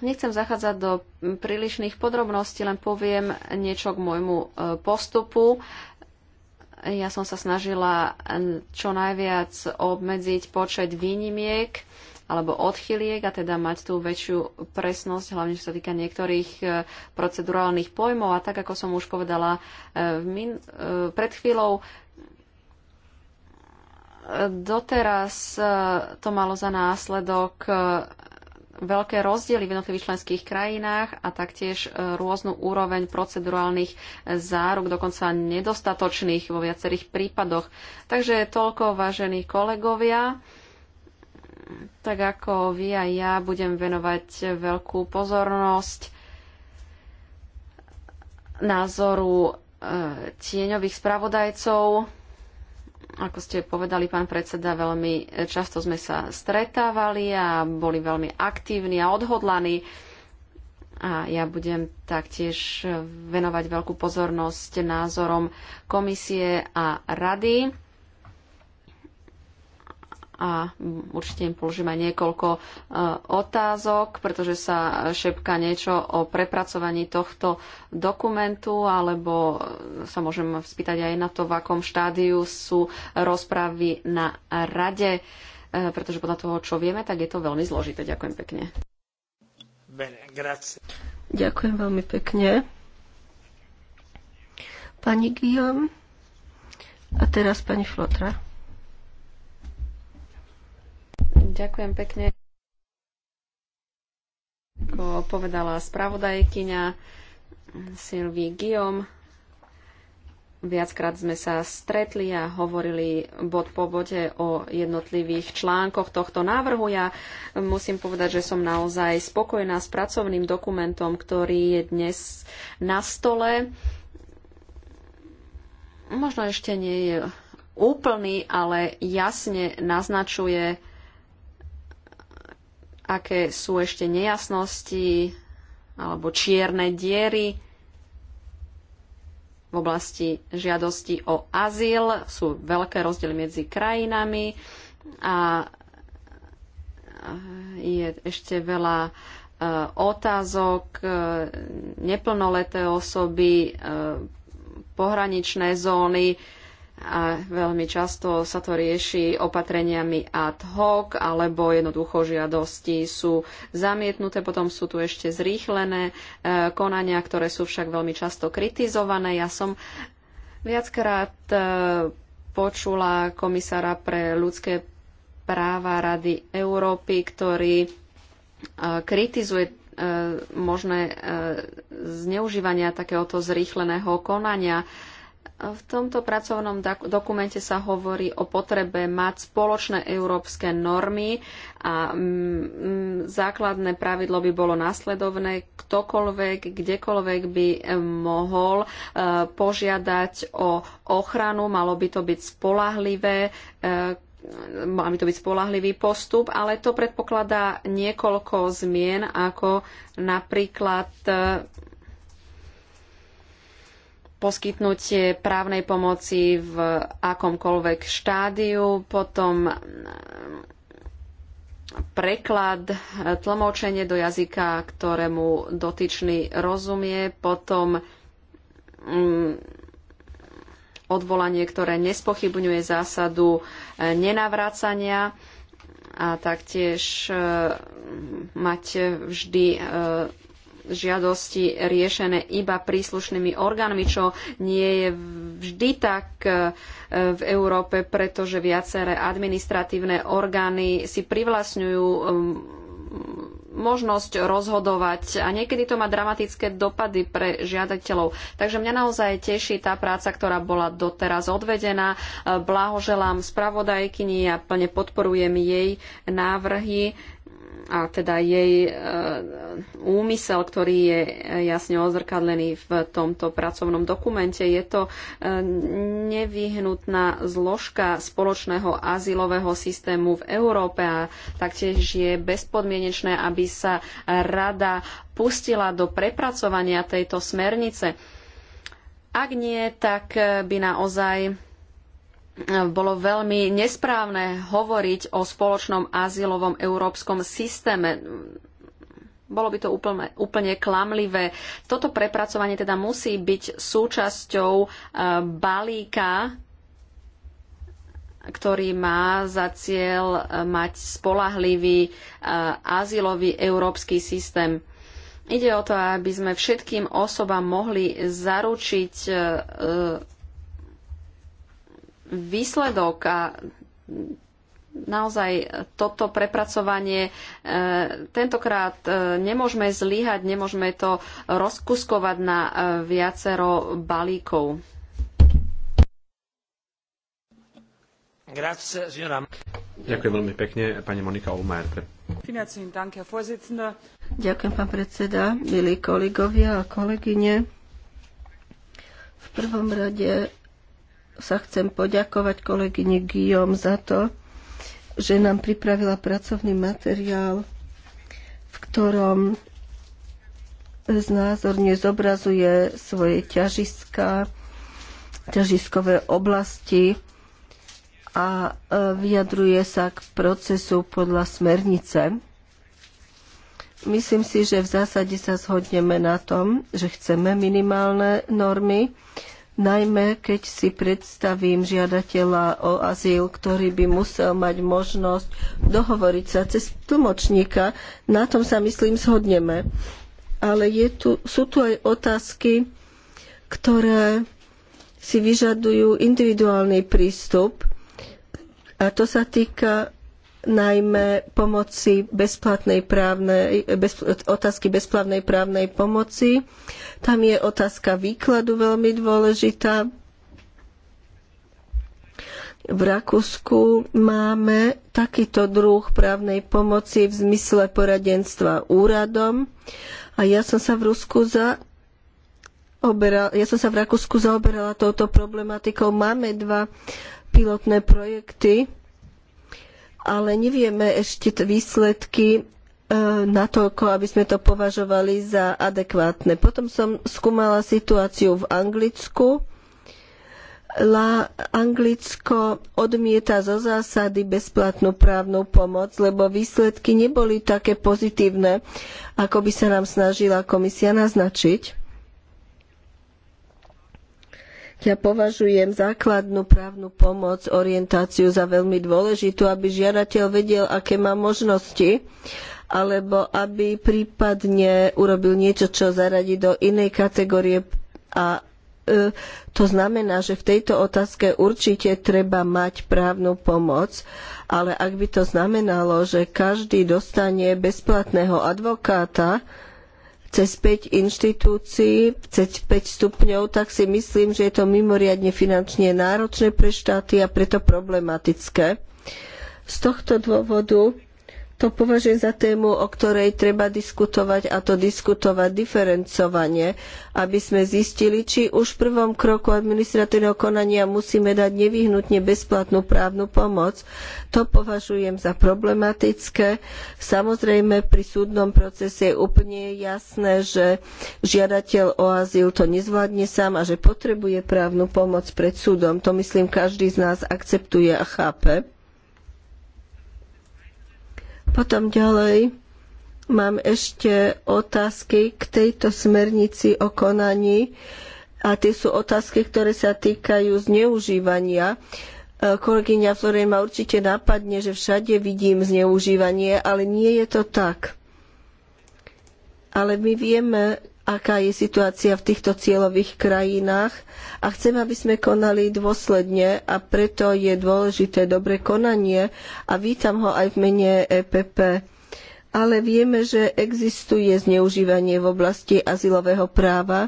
Nechcem zachádzať do prílišných podrobností, len poviem niečo k môjmu postupu. Ja som sa snažila čo najviac obmedziť počet výnimiek alebo odchyliek a teda mať tú väčšiu presnosť, hlavne čo sa týka niektorých e, procedurálnych pojmov. A tak, ako som už povedala e, min- e, pred chvíľou, doteraz to malo za následok veľké rozdiely v jednotlivých členských krajinách a taktiež rôznu úroveň procedurálnych záruk, dokonca nedostatočných vo viacerých prípadoch. Takže toľko, vážení kolegovia tak ako vy aj ja budem venovať veľkú pozornosť názoru e, tieňových spravodajcov. Ako ste povedali, pán predseda, veľmi často sme sa stretávali a boli veľmi aktívni a odhodlaní. A ja budem taktiež venovať veľkú pozornosť názorom komisie a rady a určite im položím aj niekoľko e, otázok, pretože sa šepka niečo o prepracovaní tohto dokumentu, alebo sa môžem spýtať aj na to, v akom štádiu sú rozpravy na rade, e, pretože podľa toho, čo vieme, tak je to veľmi zložité. Ďakujem pekne. Ďakujem veľmi pekne. Pani Guillaume a teraz pani Flotra. Ďakujem pekne. Ako povedala spravodajkyňa Sylvie Guillaume, viackrát sme sa stretli a hovorili bod po bode o jednotlivých článkoch tohto návrhu. Ja musím povedať, že som naozaj spokojná s pracovným dokumentom, ktorý je dnes na stole. Možno ešte nie je úplný, ale jasne naznačuje aké sú ešte nejasnosti alebo čierne diery v oblasti žiadosti o azyl. Sú veľké rozdiely medzi krajinami a je ešte veľa e, otázok, e, neplnoleté osoby, e, pohraničné zóny, a veľmi často sa to rieši opatreniami ad hoc, alebo jednoducho žiadosti sú zamietnuté, potom sú tu ešte zrýchlené e, konania, ktoré sú však veľmi často kritizované. Ja som viackrát e, počula komisára pre ľudské práva Rady Európy, ktorý e, kritizuje e, možné e, zneužívania takéhoto zrýchleného konania v tomto pracovnom dokumente sa hovorí o potrebe mať spoločné európske normy a mm, mm, základné pravidlo by bolo následovné. Ktokoľvek, kdekoľvek by eh, mohol eh, požiadať o ochranu, malo by to byť spolahlivé, eh, mal by to byť spolahlivý postup, ale to predpokladá niekoľko zmien, ako napríklad poskytnutie právnej pomoci v akomkoľvek štádiu, potom mm, preklad, e, tlmočenie do jazyka, ktorému dotyčný rozumie, potom mm, odvolanie, ktoré nespochybňuje zásadu e, nenavracania a taktiež e, mať vždy žiadosti riešené iba príslušnými orgánmi, čo nie je vždy tak e, v Európe, pretože viaceré administratívne orgány si privlastňujú e, možnosť rozhodovať a niekedy to má dramatické dopady pre žiadateľov. Takže mňa naozaj teší tá práca, ktorá bola doteraz odvedená. E, Blahoželám spravodajkyni a plne podporujem jej návrhy a teda jej e, úmysel, ktorý je e, jasne ozrkadlený v tomto pracovnom dokumente. Je to e, nevyhnutná zložka spoločného azylového systému v Európe a taktiež je bezpodmienečné, aby sa rada pustila do prepracovania tejto smernice. Ak nie, tak by naozaj bolo veľmi nesprávne hovoriť o spoločnom azylovom európskom systéme. Bolo by to úplne, úplne klamlivé. Toto prepracovanie teda musí byť súčasťou e, balíka, ktorý má za cieľ e, mať spolahlivý e, azylový európsky systém. Ide o to, aby sme všetkým osobám mohli zaručiť výsledok a naozaj toto prepracovanie e, tentokrát e, nemôžeme zlyhať, nemôžeme to rozkuskovať na e, viacero balíkov. Ďakujem veľmi pekne, pani Monika Olmajer. Ďakujem, pán predseda, milí kolegovia a kolegyne. V prvom rade sa chcem poďakovať kolegyne Guillaume za to, že nám pripravila pracovný materiál, v ktorom znázorne zobrazuje svoje ťažiska, ťažiskové oblasti a e, vyjadruje sa k procesu podľa smernice. Myslím si, že v zásade sa zhodneme na tom, že chceme minimálne normy, najmä keď si predstavím žiadateľa o azyl, ktorý by musel mať možnosť dohovoriť sa cez tlmočníka. Na tom sa, myslím, zhodneme. Ale tu, sú tu aj otázky, ktoré si vyžadujú individuálny prístup a to sa týka najmä pomoci bezplatnej právnej, bez, otázky bezplatnej právnej pomoci. Tam je otázka výkladu veľmi dôležitá. V Rakúsku máme takýto druh právnej pomoci v zmysle poradenstva úradom. A ja som sa v Rusku za Oberal, ja som sa v Rakúsku zaoberala touto problematikou. Máme dva pilotné projekty, ale nevieme ešte výsledky e, natoľko, aby sme to považovali za adekvátne. Potom som skúmala situáciu v Anglicku. La Anglicko odmieta zo zásady bezplatnú právnu pomoc, lebo výsledky neboli také pozitívne, ako by sa nám snažila komisia naznačiť. Ja považujem základnú právnu pomoc, orientáciu za veľmi dôležitú, aby žiadateľ vedel, aké má možnosti, alebo aby prípadne urobil niečo, čo zaradí do inej kategórie a e, to znamená, že v tejto otázke určite treba mať právnu pomoc, ale ak by to znamenalo, že každý dostane bezplatného advokáta, cez 5 inštitúcií, cez 5 stupňov, tak si myslím, že je to mimoriadne finančne náročné pre štáty a preto problematické. Z tohto dôvodu to považujem za tému, o ktorej treba diskutovať a to diskutovať diferencovane, aby sme zistili, či už v prvom kroku administratívneho konania musíme dať nevyhnutne bezplatnú právnu pomoc. To považujem za problematické. Samozrejme, pri súdnom procese je úplne jasné, že žiadateľ o azyl to nezvládne sám a že potrebuje právnu pomoc pred súdom. To myslím každý z nás akceptuje a chápe. Potom ďalej mám ešte otázky k tejto smernici o konaní a tie sú otázky, ktoré sa týkajú zneužívania. E, kolegyňa Florej ma určite napadne, že všade vidím zneužívanie, ale nie je to tak. Ale my vieme, aká je situácia v týchto cieľových krajinách a chcem, aby sme konali dôsledne a preto je dôležité dobre konanie a vítam ho aj v mene EPP. Ale vieme, že existuje zneužívanie v oblasti azylového práva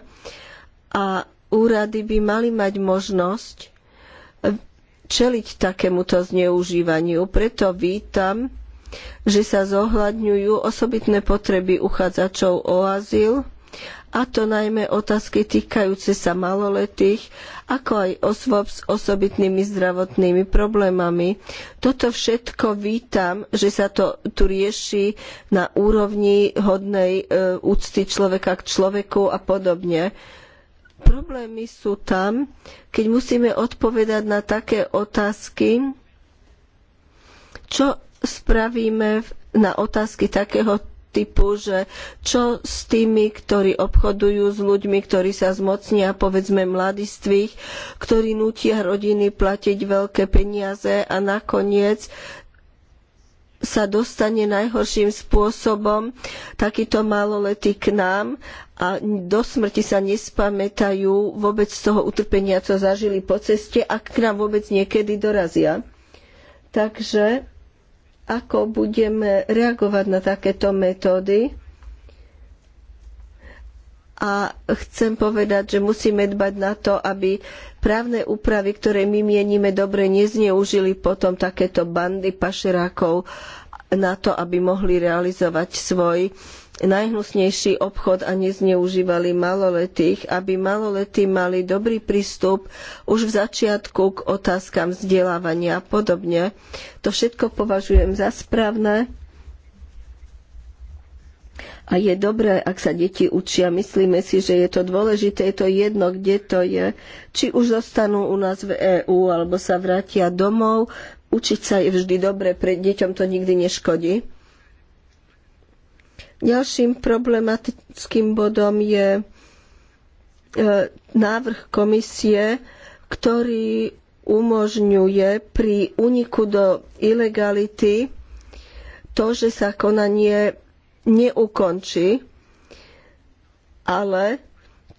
a úrady by mali mať možnosť čeliť takémuto zneužívaniu. Preto vítam, že sa zohľadňujú osobitné potreby uchádzačov o azyl a to najmä otázky týkajúce sa maloletých, ako aj osôb s osobitnými zdravotnými problémami. Toto všetko vítam, že sa to tu rieši na úrovni hodnej e, úcty človeka k človeku a podobne. Problémy sú tam, keď musíme odpovedať na také otázky, čo spravíme na otázky takého typu, že čo s tými, ktorí obchodujú s ľuďmi, ktorí sa zmocnia, povedzme mladistvých, ktorí nutia rodiny platiť veľké peniaze a nakoniec sa dostane najhorším spôsobom takýto maloletý k nám a do smrti sa nespamätajú vôbec z toho utrpenia, čo zažili po ceste, ak k nám vôbec niekedy dorazia. Takže ako budeme reagovať na takéto metódy. A chcem povedať, že musíme dbať na to, aby právne úpravy, ktoré my mienime dobre, nezneužili potom takéto bandy pašerákov na to, aby mohli realizovať svoj najhnusnejší obchod a nezneužívali maloletých, aby maloletí mali dobrý prístup už v začiatku k otázkam vzdelávania a podobne. To všetko považujem za správne a je dobré, ak sa deti učia. Myslíme si, že je to dôležité, je to jedno, kde to je. Či už zostanú u nás v EÚ, alebo sa vrátia domov, učiť sa je vždy dobre, deťom to nikdy neškodí. Ďalším problematickým bodom je e, návrh komisie, ktorý umožňuje pri úniku do ilegality to, že sa konanie neukončí, ale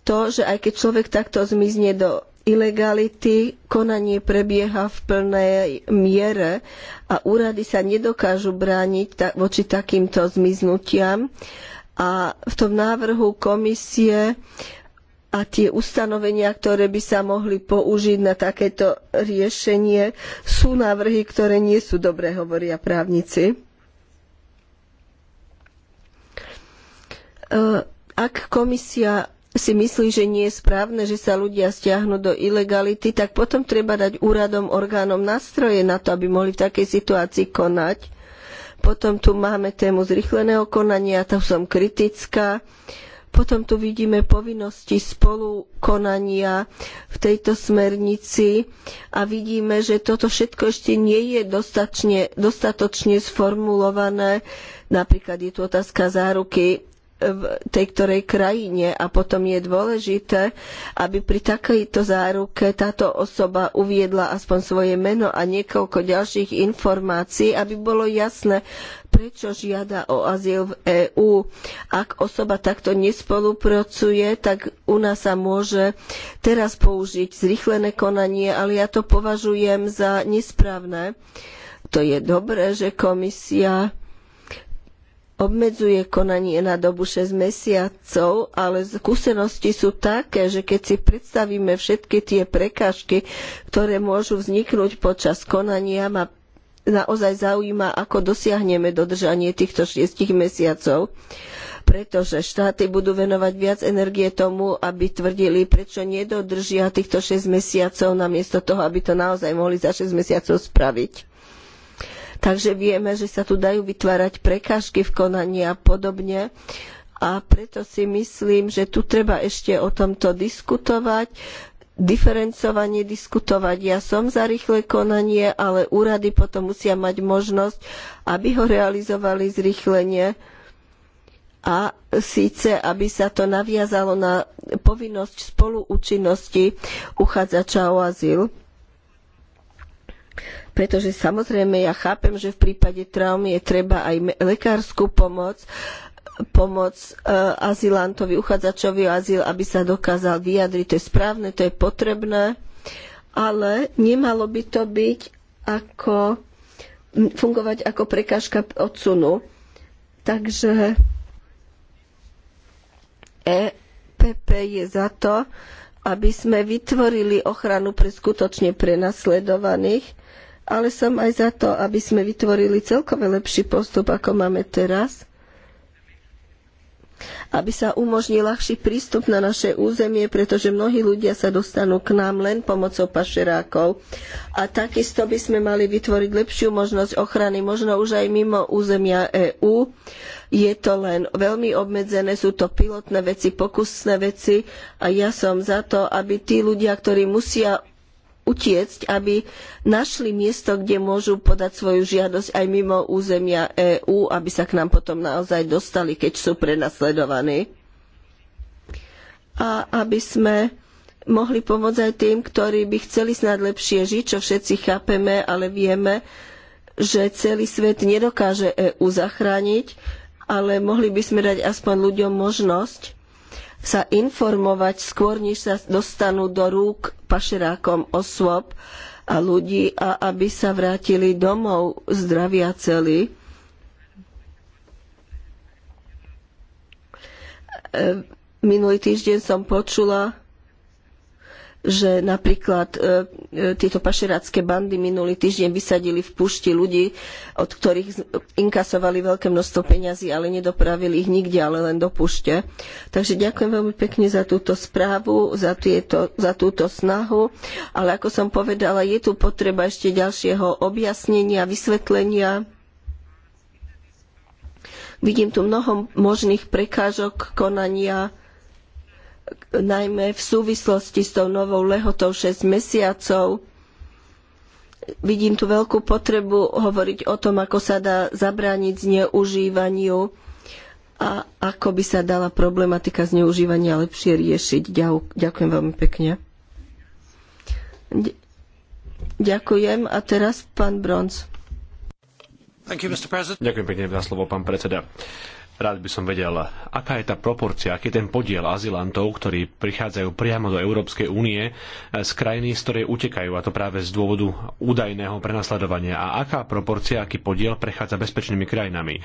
to, že aj keď človek takto zmizne do ilegality, konanie prebieha v plnej miere a úrady sa nedokážu brániť voči takýmto zmiznutiam. A v tom návrhu komisie a tie ustanovenia, ktoré by sa mohli použiť na takéto riešenie, sú návrhy, ktoré nie sú dobré, hovoria právnici. E, ak komisia si myslí, že nie je správne, že sa ľudia stiahnu do ilegality, tak potom treba dať úradom, orgánom nástroje na to, aby mohli v takej situácii konať. Potom tu máme tému zrychleného konania, tam som kritická. Potom tu vidíme povinnosti spolukonania v tejto smernici a vidíme, že toto všetko ešte nie je dostatočne sformulované. Napríklad je tu otázka záruky v tej ktorej krajine a potom je dôležité, aby pri takejto záruke táto osoba uviedla aspoň svoje meno a niekoľko ďalších informácií, aby bolo jasné, prečo žiada o azyl v EÚ. Ak osoba takto nespolupracuje, tak u nás sa môže teraz použiť zrýchlené konanie, ale ja to považujem za nesprávne. To je dobré, že komisia obmedzuje konanie na dobu 6 mesiacov, ale skúsenosti sú také, že keď si predstavíme všetky tie prekážky, ktoré môžu vzniknúť počas konania, ma naozaj zaujíma, ako dosiahneme dodržanie týchto 6 mesiacov pretože štáty budú venovať viac energie tomu, aby tvrdili, prečo nedodržia týchto 6 mesiacov, namiesto toho, aby to naozaj mohli za 6 mesiacov spraviť. Takže vieme, že sa tu dajú vytvárať prekážky v konaní a podobne. A preto si myslím, že tu treba ešte o tomto diskutovať, diferencovanie diskutovať. Ja som za rýchle konanie, ale úrady potom musia mať možnosť, aby ho realizovali zrýchlenie a síce, aby sa to naviazalo na povinnosť spoluúčinnosti uchádzača o azyl. Pretože samozrejme ja chápem, že v prípade traumy je treba aj lekárskú pomoc, pomoc e, azylantovi, uchádzačovi o azyl, aby sa dokázal vyjadriť. To je správne, to je potrebné, ale nemalo by to byť ako fungovať ako prekážka odsunu. Takže EPP je za to, aby sme vytvorili ochranu pre skutočne prenasledovaných ale som aj za to, aby sme vytvorili celkové lepší postup, ako máme teraz, aby sa umožnil ľahší prístup na naše územie, pretože mnohí ľudia sa dostanú k nám len pomocou pašerákov. A takisto by sme mali vytvoriť lepšiu možnosť ochrany, možno už aj mimo územia EÚ. Je to len veľmi obmedzené, sú to pilotné veci, pokusné veci a ja som za to, aby tí ľudia, ktorí musia utiecť, aby našli miesto, kde môžu podať svoju žiadosť aj mimo územia EÚ, aby sa k nám potom naozaj dostali, keď sú prenasledovaní. A aby sme mohli pomôcť aj tým, ktorí by chceli snáď lepšie žiť, čo všetci chápeme, ale vieme, že celý svet nedokáže EÚ zachrániť, ale mohli by sme dať aspoň ľuďom možnosť sa informovať skôr, než sa dostanú do rúk pašerákom osôb a ľudí a aby sa vrátili domov zdravia celí. E, minulý týždeň som počula že napríklad e, e, tieto pašerácké bandy minulý týždeň vysadili v pušti ľudí, od ktorých inkasovali veľké množstvo peňazí, ale nedopravili ich nikde, ale len do pušte. Takže ďakujem veľmi pekne za túto správu, za, tieto, za túto snahu, ale ako som povedala, je tu potreba ešte ďalšieho objasnenia, vysvetlenia. Vidím tu mnoho možných prekážok konania najmä v súvislosti s tou novou lehotou 6 mesiacov. Vidím tu veľkú potrebu hovoriť o tom, ako sa dá zabrániť zneužívaniu a ako by sa dala problematika zneužívania lepšie riešiť. Ďakujem veľmi pekne. Ďakujem a teraz pán Bronz. Ďakujem pekne za slovo, pán predseda. Rád by som vedel, aká je tá proporcia, aký je ten podiel azylantov, ktorí prichádzajú priamo do Európskej únie e, z krajiny, z ktorej utekajú, a to práve z dôvodu údajného prenasledovania. A aká proporcia, aký podiel prechádza bezpečnými krajinami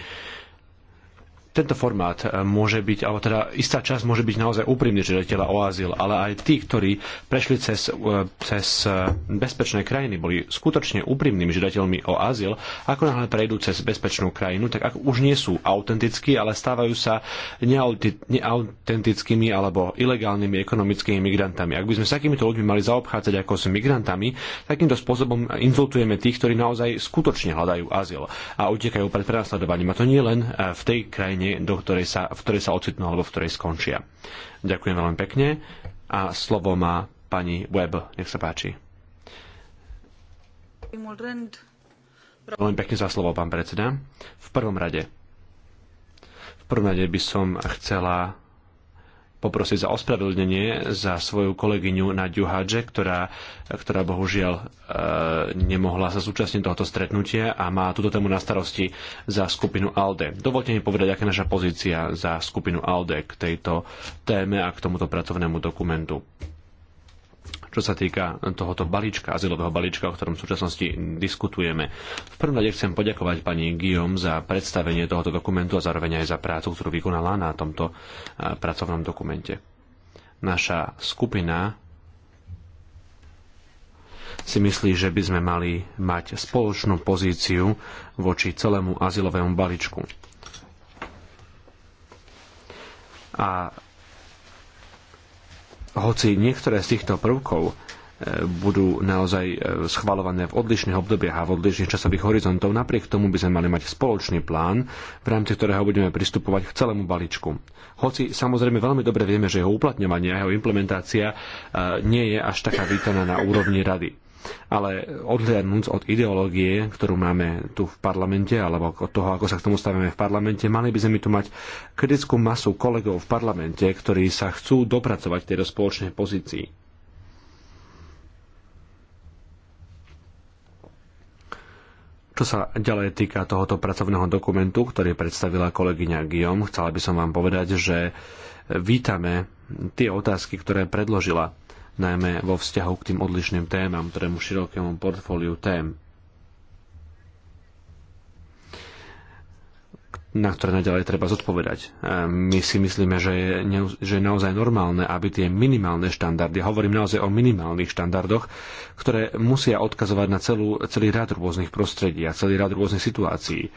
tento formát e, môže byť, alebo teda istá časť môže byť naozaj úprimný žiadateľa o azyl, ale aj tí, ktorí prešli cez, e, cez e, bezpečné krajiny, boli skutočne úprimnými žiadateľmi o azyl, ako náhle prejdú cez bezpečnú krajinu, tak ak už nie sú autentickí, ale stávajú sa neautentickými alebo ilegálnymi ekonomickými migrantami. Ak by sme s takýmito ľuďmi mali zaobchádzať ako s migrantami, takýmto spôsobom inzultujeme tých, ktorí naozaj skutočne hľadajú azyl a utekajú pred prenasledovaním. A to nie len v tej krajine, krajine, do ktorej sa, v ktorej sa ocitnú alebo v ktorej skončia. Ďakujem veľmi pekne a slovo má pani Web. Nech sa páči. Veľmi pekne za slovo, pán predseda. V prvom rade. V prvom rade by som chcela poprosiť za ospravedlnenie za svoju kolegyňu Nadiu Hadže, ktorá, ktorá bohužiaľ e, nemohla sa zúčastniť tohoto stretnutia a má túto tému na starosti za skupinu ALDE. Dovolte mi povedať, aká je naša pozícia za skupinu ALDE k tejto téme a k tomuto pracovnému dokumentu čo sa týka tohoto balíčka, azylového balíčka, o ktorom v súčasnosti diskutujeme. V prvom rade chcem poďakovať pani Guillaume za predstavenie tohoto dokumentu a zároveň aj za prácu, ktorú vykonala na tomto pracovnom dokumente. Naša skupina si myslí, že by sme mali mať spoločnú pozíciu voči celému azylovému balíčku. A hoci niektoré z týchto prvkov e, budú naozaj e, schvalované v odlišných obdobiach a v odlišných časových horizontov. Napriek tomu by sme mali mať spoločný plán, v rámci ktorého budeme pristupovať k celému balíčku. Hoci samozrejme veľmi dobre vieme, že jeho uplatňovanie a jeho implementácia e, nie je až taká vítaná na úrovni rady. Ale odhľadnúc od ideológie, ktorú máme tu v parlamente, alebo od toho, ako sa k tomu stavíme v parlamente, mali by sme tu mať kritickú masu kolegov v parlamente, ktorí sa chcú dopracovať tejto spoločnej pozícii. Čo sa ďalej týka tohoto pracovného dokumentu, ktorý predstavila kolegyňa Guillaume, chcela by som vám povedať, že vítame tie otázky, ktoré predložila najmä vo vzťahu k tým odlišným témam, ktorému širokému portfóliu tém, na ktoré naďalej treba zodpovedať. E, my si myslíme, že je, že je naozaj normálne, aby tie minimálne štandardy, hovorím naozaj o minimálnych štandardoch, ktoré musia odkazovať na celú, celý rád rôznych prostredí a celý rád rôznych situácií. E,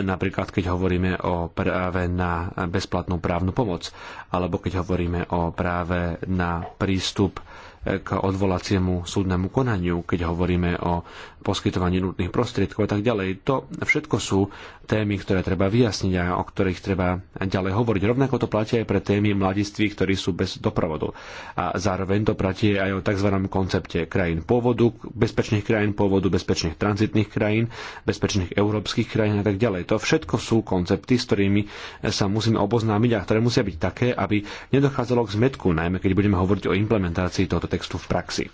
napríklad, keď hovoríme o práve na bezplatnú právnu pomoc, alebo keď hovoríme o práve na prístup k odvolaciemu súdnemu konaniu, keď hovoríme o poskytovaní nutných prostriedkov a tak ďalej. To všetko sú témy, ktoré treba vyjasniť a o ktorých treba ďalej hovoriť. Rovnako to platí aj pre témy mladiství, ktorí sú bez doprovodu. A zároveň to platí aj o tzv. koncepte krajín pôvodu, bezpečných krajín pôvodu, bezpečných tranzitných krajín, bezpečných európskych krajín a tak ďalej. To všetko sú koncepty, s ktorými sa musíme oboznámiť a ktoré musia byť také, aby nedochádzalo k zmetku, najmä keď budeme hovoriť o implementácii tohto textu v praxi.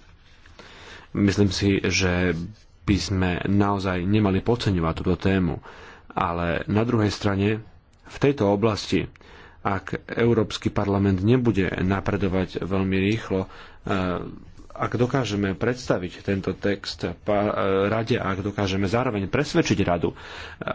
Myslím si, že by sme naozaj nemali podceňovať túto tému ale na druhej strane, v tejto oblasti, ak Európsky parlament nebude napredovať veľmi rýchlo, e, ak dokážeme predstaviť tento text e, rade, ak dokážeme zároveň presvedčiť radu, e,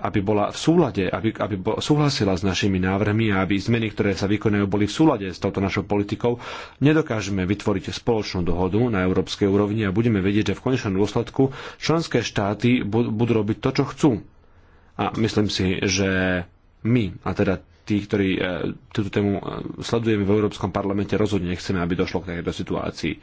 aby bola v súlade, aby, aby súhlasila s našimi návrhmi a aby zmeny, ktoré sa vykonajú, boli v súlade s touto našou politikou, nedokážeme vytvoriť spoločnú dohodu na európskej úrovni a budeme vedieť, že v konečnom dôsledku členské štáty budú robiť to, čo chcú a myslím si, že my, a teda tí, ktorí e, túto tému e, sledujeme v Európskom parlamente, rozhodne nechceme, aby došlo k takéto situácii. E,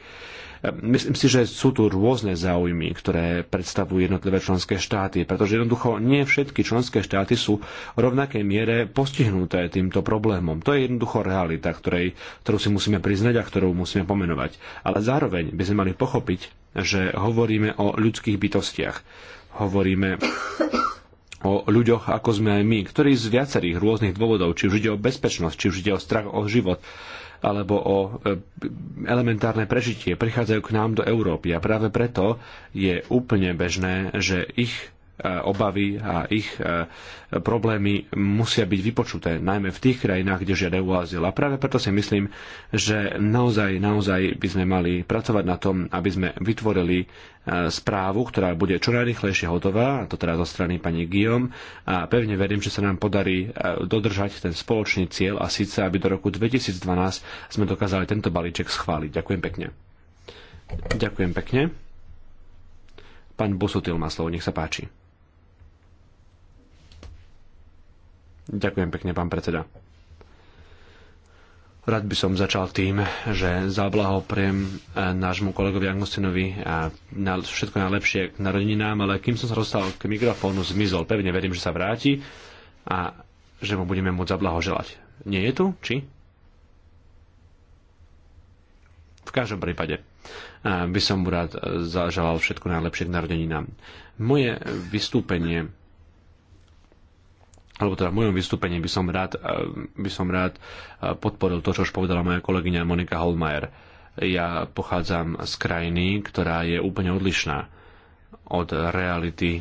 myslím si, že sú tu rôzne záujmy, ktoré predstavujú jednotlivé členské štáty, pretože jednoducho nie všetky členské štáty sú v rovnakej miere postihnuté týmto problémom. To je jednoducho realita, ktorej, ktorú si musíme priznať a ktorú musíme pomenovať. Ale zároveň by sme mali pochopiť, že hovoríme o ľudských bytostiach. Hovoríme o ľuďoch, ako sme aj my, ktorí z viacerých rôznych dôvodov, či už ide o bezpečnosť, či už ide o strach o život, alebo o e, elementárne prežitie, prichádzajú k nám do Európy a práve preto je úplne bežné, že ich E, obavy a ich e, problémy musia byť vypočuté, najmä v tých krajinách, kde žiadajú azyl. A práve preto si myslím, že naozaj, naozaj by sme mali pracovať na tom, aby sme vytvorili e, správu, ktorá bude čo najrychlejšie hotová, a to teda zo strany pani Guillaume, a pevne verím, že sa nám podarí dodržať ten spoločný cieľ a síce, aby do roku 2012 sme dokázali tento balíček schváliť. Ďakujem pekne. Ďakujem pekne. Pán Bosutil má slovo, nech sa páči. Ďakujem pekne, pán predseda. Rád by som začal tým, že zablahopriem e, nášmu kolegovi Angustinovi a e, na všetko najlepšie k narodeninám, ale kým som sa dostal k mikrofónu, zmizol. Pevne verím, že sa vráti a že mu budeme môcť zablahoželať. Nie je tu? Či? V každom prípade e, by som mu rád zaželal všetko najlepšie k narodeninám. Moje vystúpenie alebo teda v mojom vystúpení by som rád, eh, by som rád eh, podporil to, čo už povedala moja kolegyňa Monika Holmajer. Ja pochádzam z krajiny, ktorá je úplne odlišná od reality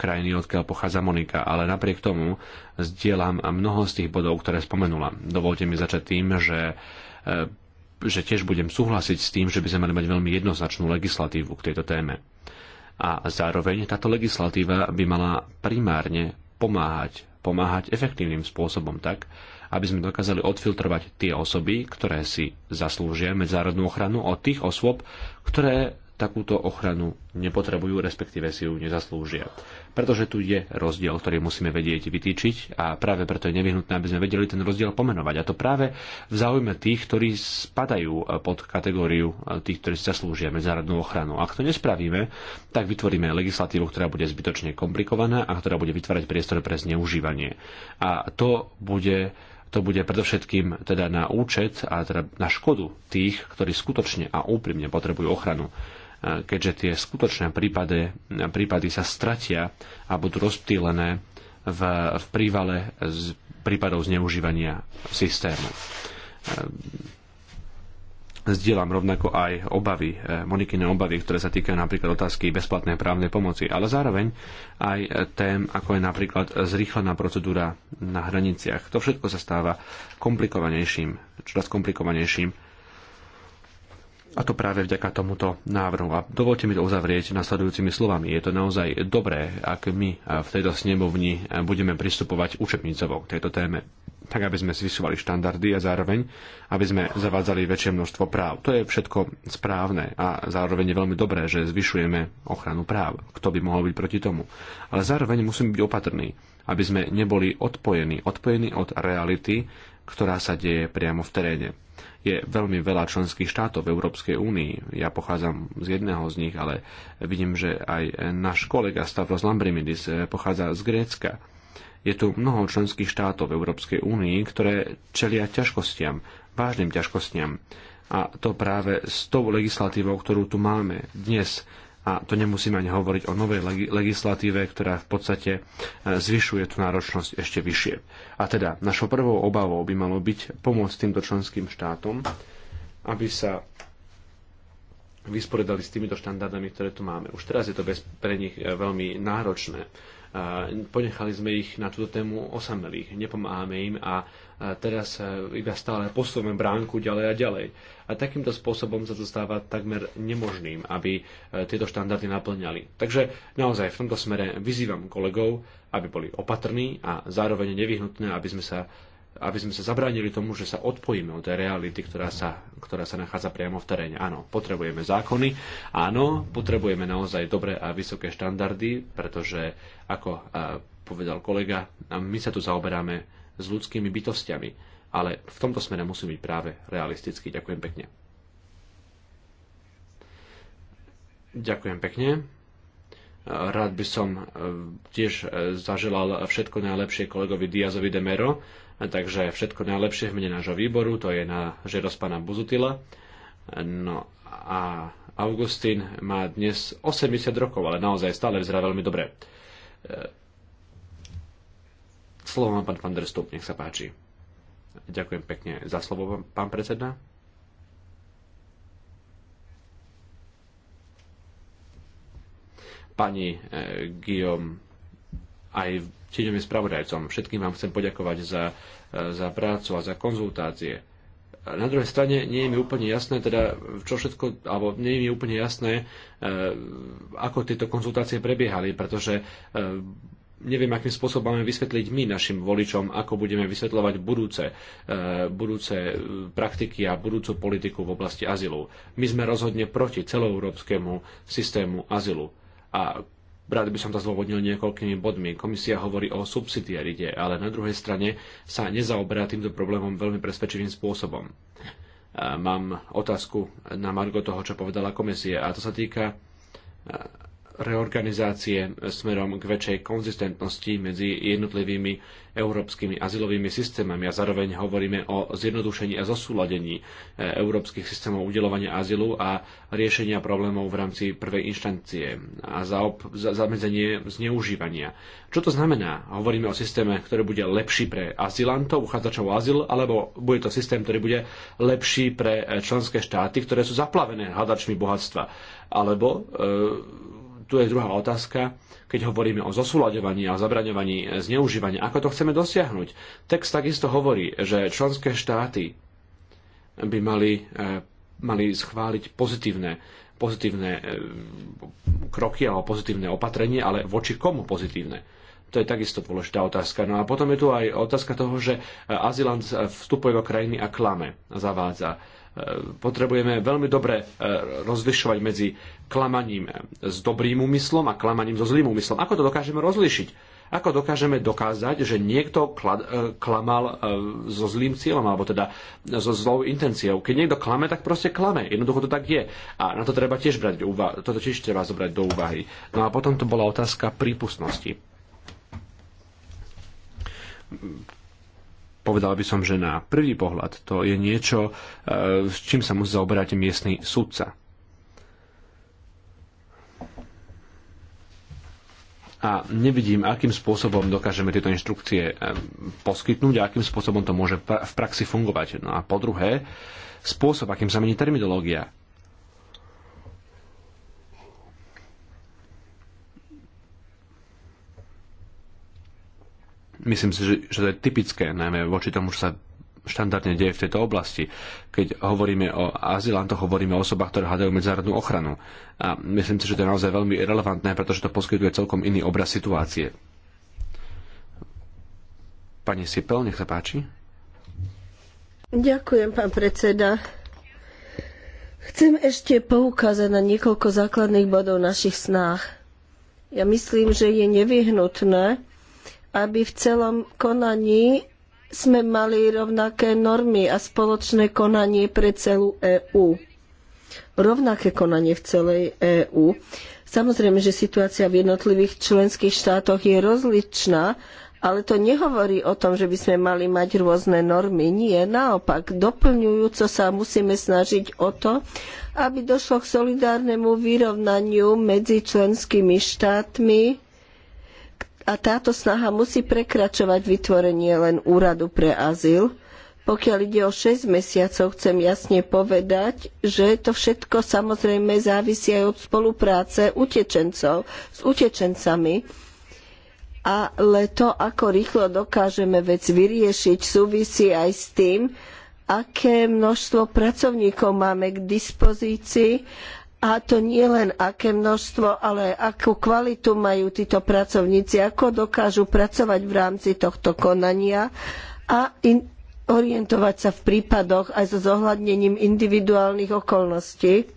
krajiny, odkiaľ pochádza Monika, ale napriek tomu zdieľam mnoho z tých bodov, ktoré spomenula. Dovolte mi začať tým, že eh, že tiež budem súhlasiť s tým, že by sme mali mať veľmi jednoznačnú legislatívu k tejto téme. A zároveň táto legislatíva by mala primárne pomáhať, pomáhať efektívnym spôsobom tak, aby sme dokázali odfiltrovať tie osoby, ktoré si zaslúžia medzárodnú ochranu od tých osôb, ktoré takúto ochranu nepotrebujú, respektíve si ju nezaslúžia pretože tu je rozdiel, ktorý musíme vedieť vytýčiť a práve preto je nevyhnutné, aby sme vedeli ten rozdiel pomenovať. A to práve v záujme tých, ktorí spadajú eh, pod kategóriu eh, tých, ktorí sa slúžia medzinárodnú ochranu. Ak to nespravíme, tak vytvoríme legislatívu, ktorá bude zbytočne komplikovaná a ktorá bude vytvárať priestor pre zneužívanie. A to bude to bude predovšetkým teda na účet a teda na škodu tých, ktorí skutočne a úprimne potrebujú ochranu keďže tie skutočné prípady, prípady sa stratia a budú rozptýlené v, v prívale z prípadov zneužívania systému. Ehm, zdieľam rovnako aj obavy, eh, Monikine obavy, ktoré sa týkajú napríklad otázky bezplatnej právnej pomoci, ale zároveň aj tém, ako je napríklad zrýchlená procedúra na hraniciach. To všetko sa stáva komplikovanejším, čoraz komplikovanejším a to práve vďaka tomuto návrhu. A dovolte mi to uzavrieť nasledujúcimi slovami. Je to naozaj dobré, ak my v tejto snemovni budeme pristupovať učebnicovo k tejto téme tak aby sme zvyšovali štandardy a zároveň, aby sme zavádzali väčšie množstvo práv. To je všetko správne a zároveň je veľmi dobré, že zvyšujeme ochranu práv. Kto by mohol byť proti tomu? Ale zároveň musíme byť opatrní, aby sme neboli odpojení, odpojení od reality, ktorá sa deje priamo v teréne je veľmi veľa členských štátov v Európskej únii. Ja pochádzam z jedného z nich, ale vidím, že aj náš kolega Stavros Lambrimidis eh, pochádza z Grécka. Je tu mnoho členských štátov v Európskej únii, ktoré čelia ťažkostiam, vážnym ťažkostiam. A to práve s tou legislatívou, ktorú tu máme dnes a to nemusíme ani hovoriť o novej legislatíve, ktorá v podstate e, zvyšuje tú náročnosť ešte vyššie. A teda našou prvou obavou by malo byť pomôcť týmto členským štátom, aby sa vysporiadali s týmito štandardami, ktoré tu máme. Už teraz je to bez, pre nich e, veľmi náročné. E, ponechali sme ich na túto tému osamelých, nepomáhame im a a teraz iba stále posúvame bránku ďalej a ďalej. A takýmto spôsobom sa to stáva takmer nemožným, aby e, tieto štandardy naplňali. Takže naozaj v tomto smere vyzývam kolegov, aby boli opatrní a zároveň nevyhnutné, aby sme sa aby sme sa zabránili tomu, že sa odpojíme od tej reality, ktorá sa, ktorá sa nachádza priamo v teréne. Áno, potrebujeme zákony, áno, potrebujeme naozaj dobré a vysoké štandardy, pretože, ako e, povedal kolega, my sa tu zaoberáme s ľudskými bytostiami. Ale v tomto smere musí byť práve realistický. Ďakujem pekne. Ďakujem pekne. Rád by som e, tiež e, zaželal všetko najlepšie kolegovi Diazovi de Mero, takže všetko najlepšie v mene nášho výboru, to je na žerosť pana Buzutila. No a Augustín má dnes 80 rokov, ale naozaj stále vyzerá veľmi dobre. E, Slovo má pán pán Drstup, nech sa páči. Ďakujem pekne za slovo, pán predseda. Pani e, Guillaume, aj tieňovým spravodajcom, všetkým vám chcem poďakovať za, e, za prácu a za konzultácie. Na druhej strane nie je mi úplne jasné, teda čo všetko, alebo nie je mi úplne jasné, e, ako tieto konzultácie prebiehali, pretože e, neviem, akým spôsobom máme vysvetliť my našim voličom, ako budeme vysvetľovať budúce, e, budúce e, praktiky a budúcu politiku v oblasti azylu. My sme rozhodne proti celoeurópskemu systému azylu. A rád by som to zdôvodnil niekoľkými bodmi. Komisia hovorí o subsidiarite, ale na druhej strane sa nezaoberá týmto problémom veľmi presvedčivým spôsobom. E, mám otázku na Margo toho, čo povedala komisia, a to sa týka reorganizácie smerom k väčšej konzistentnosti medzi jednotlivými európskymi azylovými systémami a zároveň hovoríme o zjednodušení a zosúladení eh, európskych systémov udelovania azylu a riešenia problémov v rámci prvej inštancie a za, ob, za zamedzenie zneužívania. Čo to znamená? Hovoríme o systéme, ktorý bude lepší pre azylantov, uchádzačov o azyl, alebo bude to systém, ktorý bude lepší pre eh, členské štáty, ktoré sú zaplavené hľadačmi bohatstva, alebo e, tu je druhá otázka, keď hovoríme o zosúľadovaní a zabraňovaní zneužívania. Ako to chceme dosiahnuť? Text takisto hovorí, že členské štáty by mali, e, mali schváliť pozitívne pozitívne e, kroky alebo pozitívne opatrenie, ale voči komu pozitívne? To je takisto dôležitá otázka. No a potom je tu aj otázka toho, že e, azylant vstupuje do krajiny a klame, zavádza E, potrebujeme veľmi dobre e, rozlišovať medzi klamaním s dobrým úmyslom a klamaním so zlým úmyslom. Ako to dokážeme rozlišiť? Ako dokážeme dokázať, že niekto e, klamal so zlým cieľom, alebo teda so zlou intenciou? Keď niekto klame, tak proste klame. Jednoducho to tak je. A na to treba tiež brať Toto tiež treba zobrať do úvahy. No a potom to bola otázka prípustnosti povedal by som, že na prvý pohľad to je niečo, e, s čím sa musí zaoberať miestny sudca. A nevidím, akým spôsobom dokážeme tieto inštrukcie e, poskytnúť a akým spôsobom to môže v praxi fungovať. No a po druhé, spôsob, akým sa mení terminológia Myslím si, že to je typické, najmä voči tomu, čo sa štandardne deje v tejto oblasti. Keď hovoríme o azylantoch, hovoríme o osobách, ktoré hľadajú medzinárodnú ochranu. A myslím si, že to je naozaj veľmi relevantné, pretože to poskytuje celkom iný obraz situácie. Pani Sipel, nech sa páči. Ďakujem, pán predseda. Chcem ešte poukázať na niekoľko základných bodov našich snách. Ja myslím, že je nevyhnutné, aby v celom konaní sme mali rovnaké normy a spoločné konanie pre celú EÚ. Rovnaké konanie v celej EÚ. Samozrejme, že situácia v jednotlivých členských štátoch je rozličná, ale to nehovorí o tom, že by sme mali mať rôzne normy. Nie, naopak, doplňujúco sa musíme snažiť o to, aby došlo k solidárnemu vyrovnaniu medzi členskými štátmi a táto snaha musí prekračovať vytvorenie len úradu pre azyl. Pokiaľ ide o 6 mesiacov, chcem jasne povedať, že to všetko samozrejme závisí aj od spolupráce utečencov s utečencami. Ale to, ako rýchlo dokážeme vec vyriešiť, súvisí aj s tým, aké množstvo pracovníkov máme k dispozícii a to nie len aké množstvo, ale akú kvalitu majú títo pracovníci, ako dokážu pracovať v rámci tohto konania a in, orientovať sa v prípadoch aj so zohľadnením individuálnych okolností.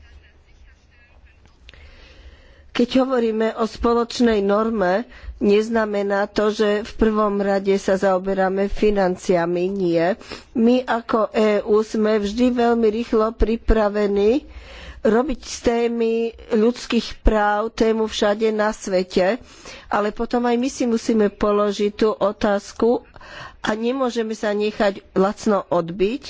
Keď hovoríme o spoločnej norme, neznamená to, že v prvom rade sa zaoberáme financiami. Nie. My ako EÚ sme vždy veľmi rýchlo pripravení robiť z témy ľudských práv tému všade na svete, ale potom aj my si musíme položiť tú otázku a nemôžeme sa nechať lacno odbiť,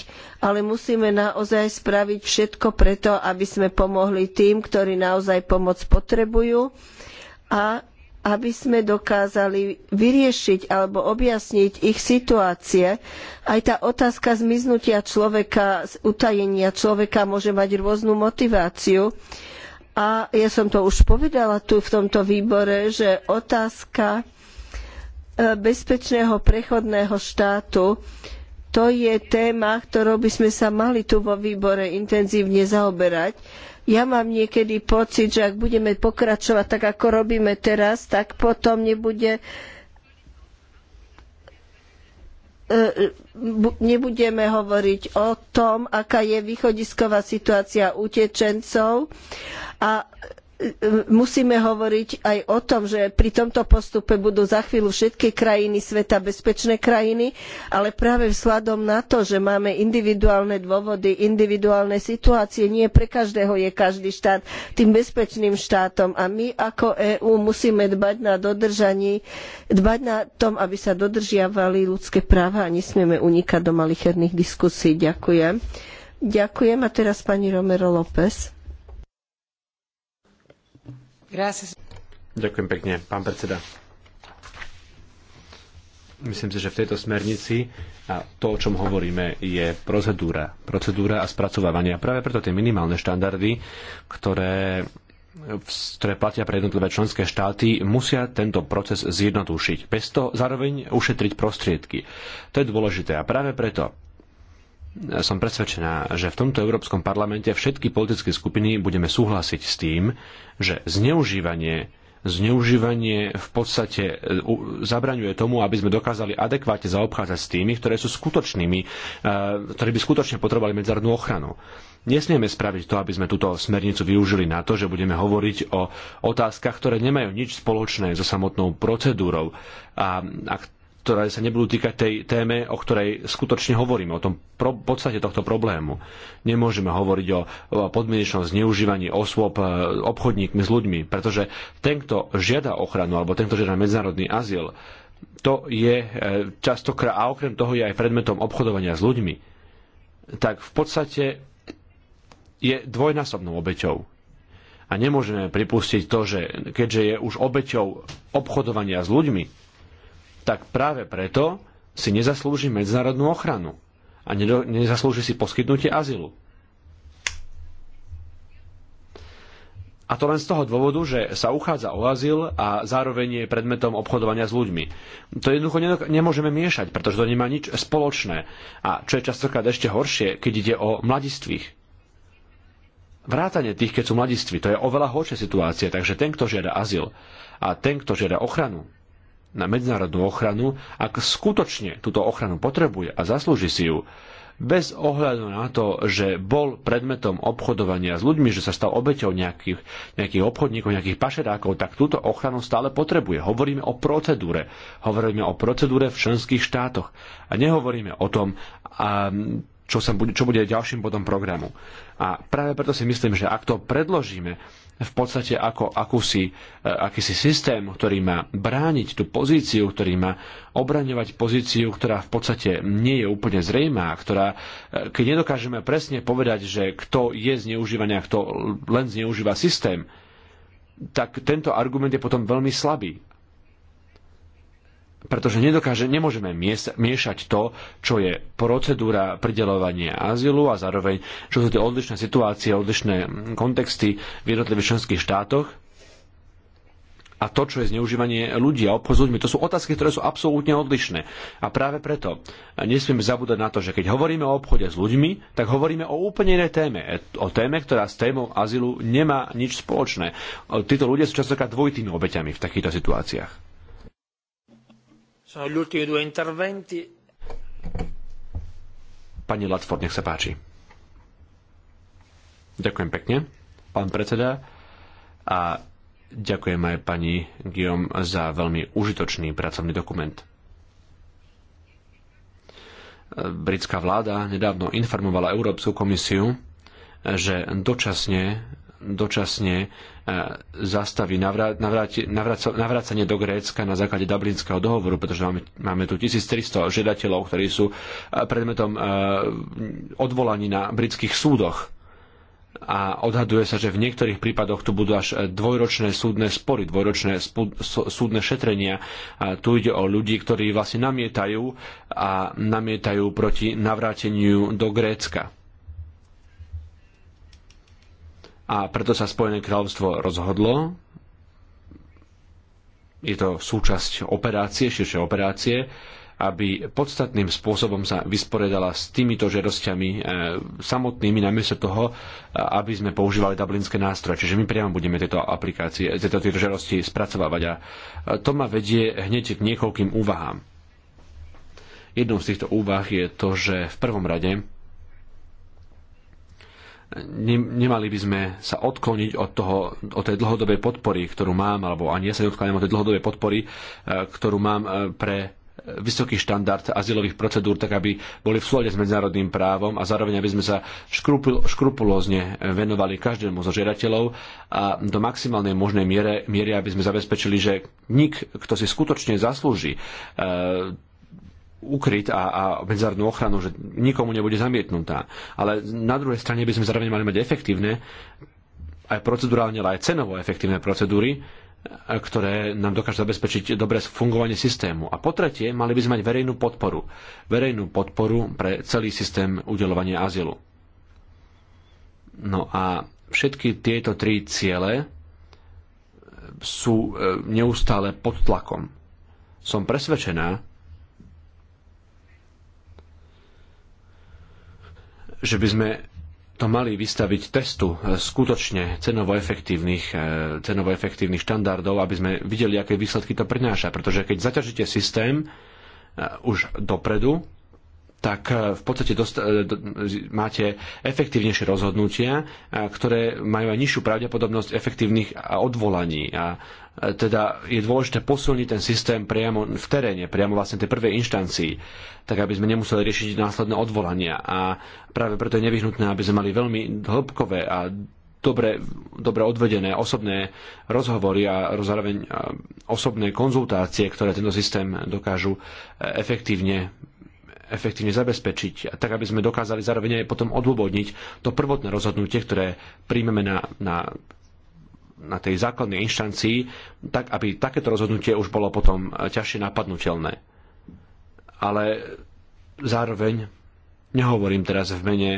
ale musíme naozaj spraviť všetko preto, aby sme pomohli tým, ktorí naozaj pomoc potrebujú a aby sme dokázali vyriešiť alebo objasniť ich situácie. Aj tá otázka zmiznutia človeka, utajenia človeka môže mať rôznu motiváciu. A ja som to už povedala tu v tomto výbore, že otázka e, bezpečného prechodného štátu to je téma, ktorou by sme sa mali tu vo výbore intenzívne zaoberať ja mám niekedy pocit, že ak budeme pokračovať tak, ako robíme teraz, tak potom nebude e, nebudeme hovoriť o tom, aká je východisková situácia utečencov a musíme hovoriť aj o tom, že pri tomto postupe budú za chvíľu všetky krajiny sveta bezpečné krajiny, ale práve vzhľadom na to, že máme individuálne dôvody, individuálne situácie, nie pre každého je každý štát tým bezpečným štátom a my ako EÚ musíme dbať na dodržanie, dbať na tom, aby sa dodržiavali ľudské práva a nesmieme unikať do malicherných diskusí. Ďakujem. Ďakujem a teraz pani Romero López. Ďakujem pekne, pán predseda. Myslím si, že v tejto smernici a to, o čom hovoríme, je procedúra. Procedúra a spracovávanie. A práve preto tie minimálne štandardy, ktoré ktoré platia pre jednotlivé členské štáty, musia tento proces zjednodušiť. Bez toho zároveň ušetriť prostriedky. To je dôležité. A práve preto som presvedčená, že v tomto Európskom parlamente všetky politické skupiny budeme súhlasiť s tým, že zneužívanie zneužívanie v podstate e, zabraňuje tomu, aby sme dokázali adekvátne zaobchádzať s tými, ktoré sú skutočnými, e, ktorí by skutočne potrebovali medzárodnú ochranu. Nesmieme spraviť to, aby sme túto smernicu využili na to, že budeme hovoriť o otázkach, ktoré nemajú nič spoločné so samotnou procedúrou. A ak ktoré sa nebudú týkať tej téme, o ktorej skutočne hovoríme, o tom pro, podstate tohto problému. Nemôžeme hovoriť o, o podmienečnom zneužívaní osôb e, obchodníkmi s ľuďmi, pretože ten, kto žiada ochranu alebo ten, kto žiada medzinárodný azyl, to je e, častokrát, a okrem toho je aj predmetom obchodovania s ľuďmi, tak v podstate je dvojnásobnou obeťou. A nemôžeme pripustiť to, že keďže je už obeťou obchodovania s ľuďmi, tak práve preto si nezaslúži medzinárodnú ochranu a nezaslúži si poskytnutie azylu. A to len z toho dôvodu, že sa uchádza o azyl a zároveň je predmetom obchodovania s ľuďmi. To jednoducho nemôžeme miešať, pretože to nemá nič spoločné. A čo je častokrát ešte horšie, keď ide o mladistvých. Vrátanie tých, keď sú mladiství, to je oveľa horšia situácia, takže ten, kto žiada azyl a ten, kto žiada ochranu, na medzinárodnú ochranu, ak skutočne túto ochranu potrebuje a zaslúži si ju, bez ohľadu na to, že bol predmetom obchodovania s ľuďmi, že sa stal obeťou nejakých, nejakých obchodníkov, nejakých pašerákov, tak túto ochranu stále potrebuje. Hovoríme o procedúre. Hovoríme o procedúre v členských štátoch. A nehovoríme o tom, čo, sa bude, čo bude ďalším bodom programu. A práve preto si myslím, že ak to predložíme, v podstate ako akúsi, e, akýsi systém, ktorý má brániť tú pozíciu, ktorý má obraňovať pozíciu, ktorá v podstate nie je úplne zrejmá, ktorá, e, keď nedokážeme presne povedať, že kto je zneužívaný a kto len zneužíva systém, tak tento argument je potom veľmi slabý pretože nedokáže, nemôžeme miešať to, čo je procedúra pridelovania azylu a zároveň, čo sú tie odlišné situácie, odlišné mm, kontexty v jednotlivých členských štátoch a to, čo je zneužívanie ľudí a obchod s ľuďmi. To sú otázky, ktoré sú absolútne odlišné. A práve preto e, nesmieme zabúdať na to, že keď hovoríme o obchode s ľuďmi, tak hovoríme o úplne inej téme. E, o téme, ktorá s témou azylu nemá nič spoločné. E, títo ľudia sú častokrát dvojitými obeťami v takýchto situáciách. Pani Latford, nech sa páči. Ďakujem pekne, pán predseda. A ďakujem aj pani Guillaume za veľmi užitočný pracovný dokument. Britská vláda nedávno informovala Európsku komisiu, že dočasne dočasne e, zastaví navracanie do Grécka na základe Dublinského dohovoru, pretože máme, máme tu 1300 žiadateľov, ktorí sú e, predmetom e, odvolaní na britských súdoch. A odhaduje sa, že v niektorých prípadoch tu budú až dvojročné súdne spory, dvojročné súdne šetrenia. A tu ide o ľudí, ktorí vlastne namietajú a namietajú proti navráteniu do Grécka a preto sa Spojené kráľovstvo rozhodlo, je to súčasť operácie, širšej operácie, aby podstatným spôsobom sa vysporiadala s týmito žiadosťami e, samotnými, namiesto toho, e, aby sme používali dublinské nástroje. Čiže my priamo budeme tieto aplikácie, tieto, tieto žiadosti spracovávať. A e, to ma vedie hneď k niekoľkým úvahám. Jednou z týchto úvah je to, že v prvom rade nemali by sme sa odkloniť od, toho, od tej dlhodobej podpory, ktorú mám, alebo ani ja sa odkláňam od tej dlhodobej podpory, e, ktorú mám e, pre vysoký štandard azylových procedúr, tak aby boli v súlade s medzinárodným právom a zároveň aby sme sa škrupul, škrupulózne e, venovali každému zo žiadateľov a do maximálnej možnej miere, miery, aby sme zabezpečili, že nik, kto si skutočne zaslúži ukryt a, a medzárodnú ochranu, že nikomu nebude zamietnutá. Ale na druhej strane by sme zároveň mali mať efektívne, aj procedurálne, ale aj cenovo efektívne procedúry, e, ktoré nám dokážu zabezpečiť dobré fungovanie systému. A po tretie, mali by sme mať verejnú podporu. Verejnú podporu pre celý systém udelovania azylu. No a všetky tieto tri ciele e, sú e, neustále pod tlakom. Som presvedčená, že by sme to mali vystaviť testu e, skutočne cenovo efektívnych, e, cenovo efektívnych štandardov, aby sme videli, aké výsledky to prináša. Pretože keď zaťažíte systém e, už dopredu, tak eh, v podstate eh, máte efektívnejšie rozhodnutia, eh, ktoré majú aj nižšiu pravdepodobnosť efektívnych odvolaní. A teda je dôležité posilniť ten systém priamo v teréne, priamo vlastne tej prvej inštancii, tak aby sme nemuseli riešiť následné odvolania. A práve preto je nevyhnutné, aby sme mali veľmi hĺbkové a dobre, dobre odvedené osobné rozhovory a zároveň osobné konzultácie, ktoré tento systém dokážu efektívne efektívne zabezpečiť, a tak aby sme dokázali zároveň aj potom odôvodniť to prvotné rozhodnutie, ktoré príjmeme na, na na tej základnej inštancii, tak aby takéto rozhodnutie už bolo potom ťažšie napadnutelné. Ale zároveň nehovorím teraz v mene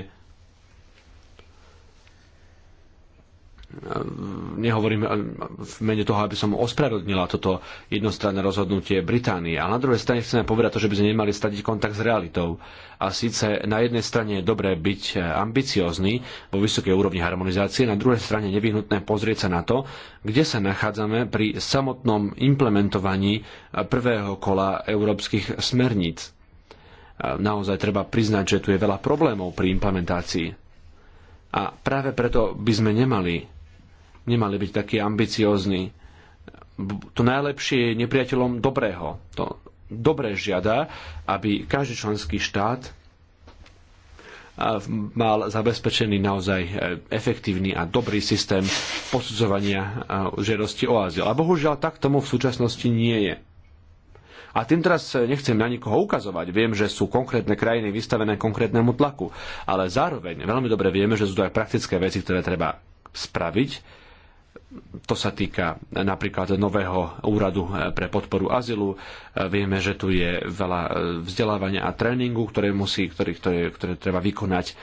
Ehm, nehovorím ehm, v mene toho, aby som ospravedlnila toto jednostranné rozhodnutie Británie. Ale na druhej strane chceme povedať to, že by sme nemali stadiť kontakt s realitou. A síce na jednej strane je dobré byť e, ambiciózny vo vysokej úrovni harmonizácie, na druhej strane nevyhnutné pozrieť sa na to, kde sa nachádzame pri samotnom implementovaní e, prvého kola európskych smerníc. E, naozaj treba priznať, že tu je veľa problémov pri implementácii. A práve preto by sme nemali nemali byť takí ambiciózni. To najlepšie je nepriateľom dobrého. To dobre žiada, aby každý členský štát mal zabezpečený naozaj e, efektívny a dobrý systém posudzovania e, žiadosti o azyl. A bohužiaľ tak tomu v súčasnosti nie je. A tým teraz e, nechcem na nikoho ukazovať. Viem, že sú konkrétne krajiny vystavené konkrétnemu tlaku, ale zároveň veľmi dobre vieme, že sú to aj praktické veci, ktoré treba spraviť to sa týka napríklad nového úradu eh, pre podporu azylu. Eh, vieme, že tu je veľa eh, vzdelávania a tréningu, ktoré, musí, ktoré, ktoré, ktoré treba vykonať.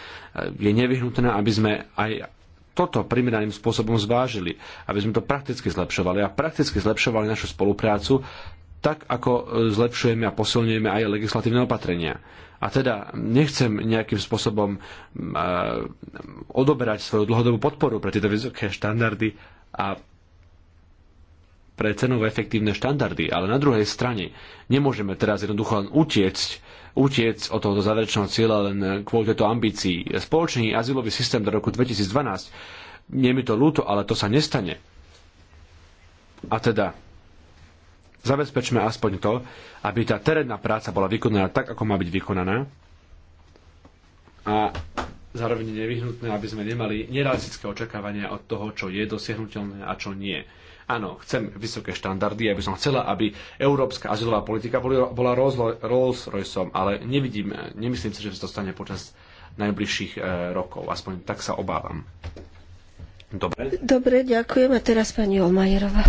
Je nevyhnutné, aby sme aj toto primeraným spôsobom zvážili, aby sme to prakticky zlepšovali a prakticky zlepšovali našu spoluprácu tak, ako zlepšujeme a posilňujeme aj legislatívne opatrenia. A teda nechcem nejakým spôsobom e, odoberať svoju dlhodobú podporu pre tieto vysoké štandardy a pre cenové efektívne štandardy. Ale na druhej strane nemôžeme teraz jednoducho len utiecť utiec od tohoto záverečného cieľa len kvôli tejto ambícii. Spoločný azylový systém do roku 2012, nie mi to ľúto, ale to sa nestane. A teda zabezpečme aspoň to, aby tá terénna práca bola vykonaná tak, ako má byť vykonaná. A zároveň nevyhnutné, aby sme nemali nerealistické očakávania od toho, čo je dosiahnutelné a čo nie. Áno, chcem vysoké štandardy, aby som chcela, aby európska azylová politika bola Rolls-Royceom, ale nevidím, nemyslím si, že sa to stane počas najbližších e, rokov. Aspoň tak sa obávam. Dobre. Dobre, ďakujem. A teraz pani Olmajerová.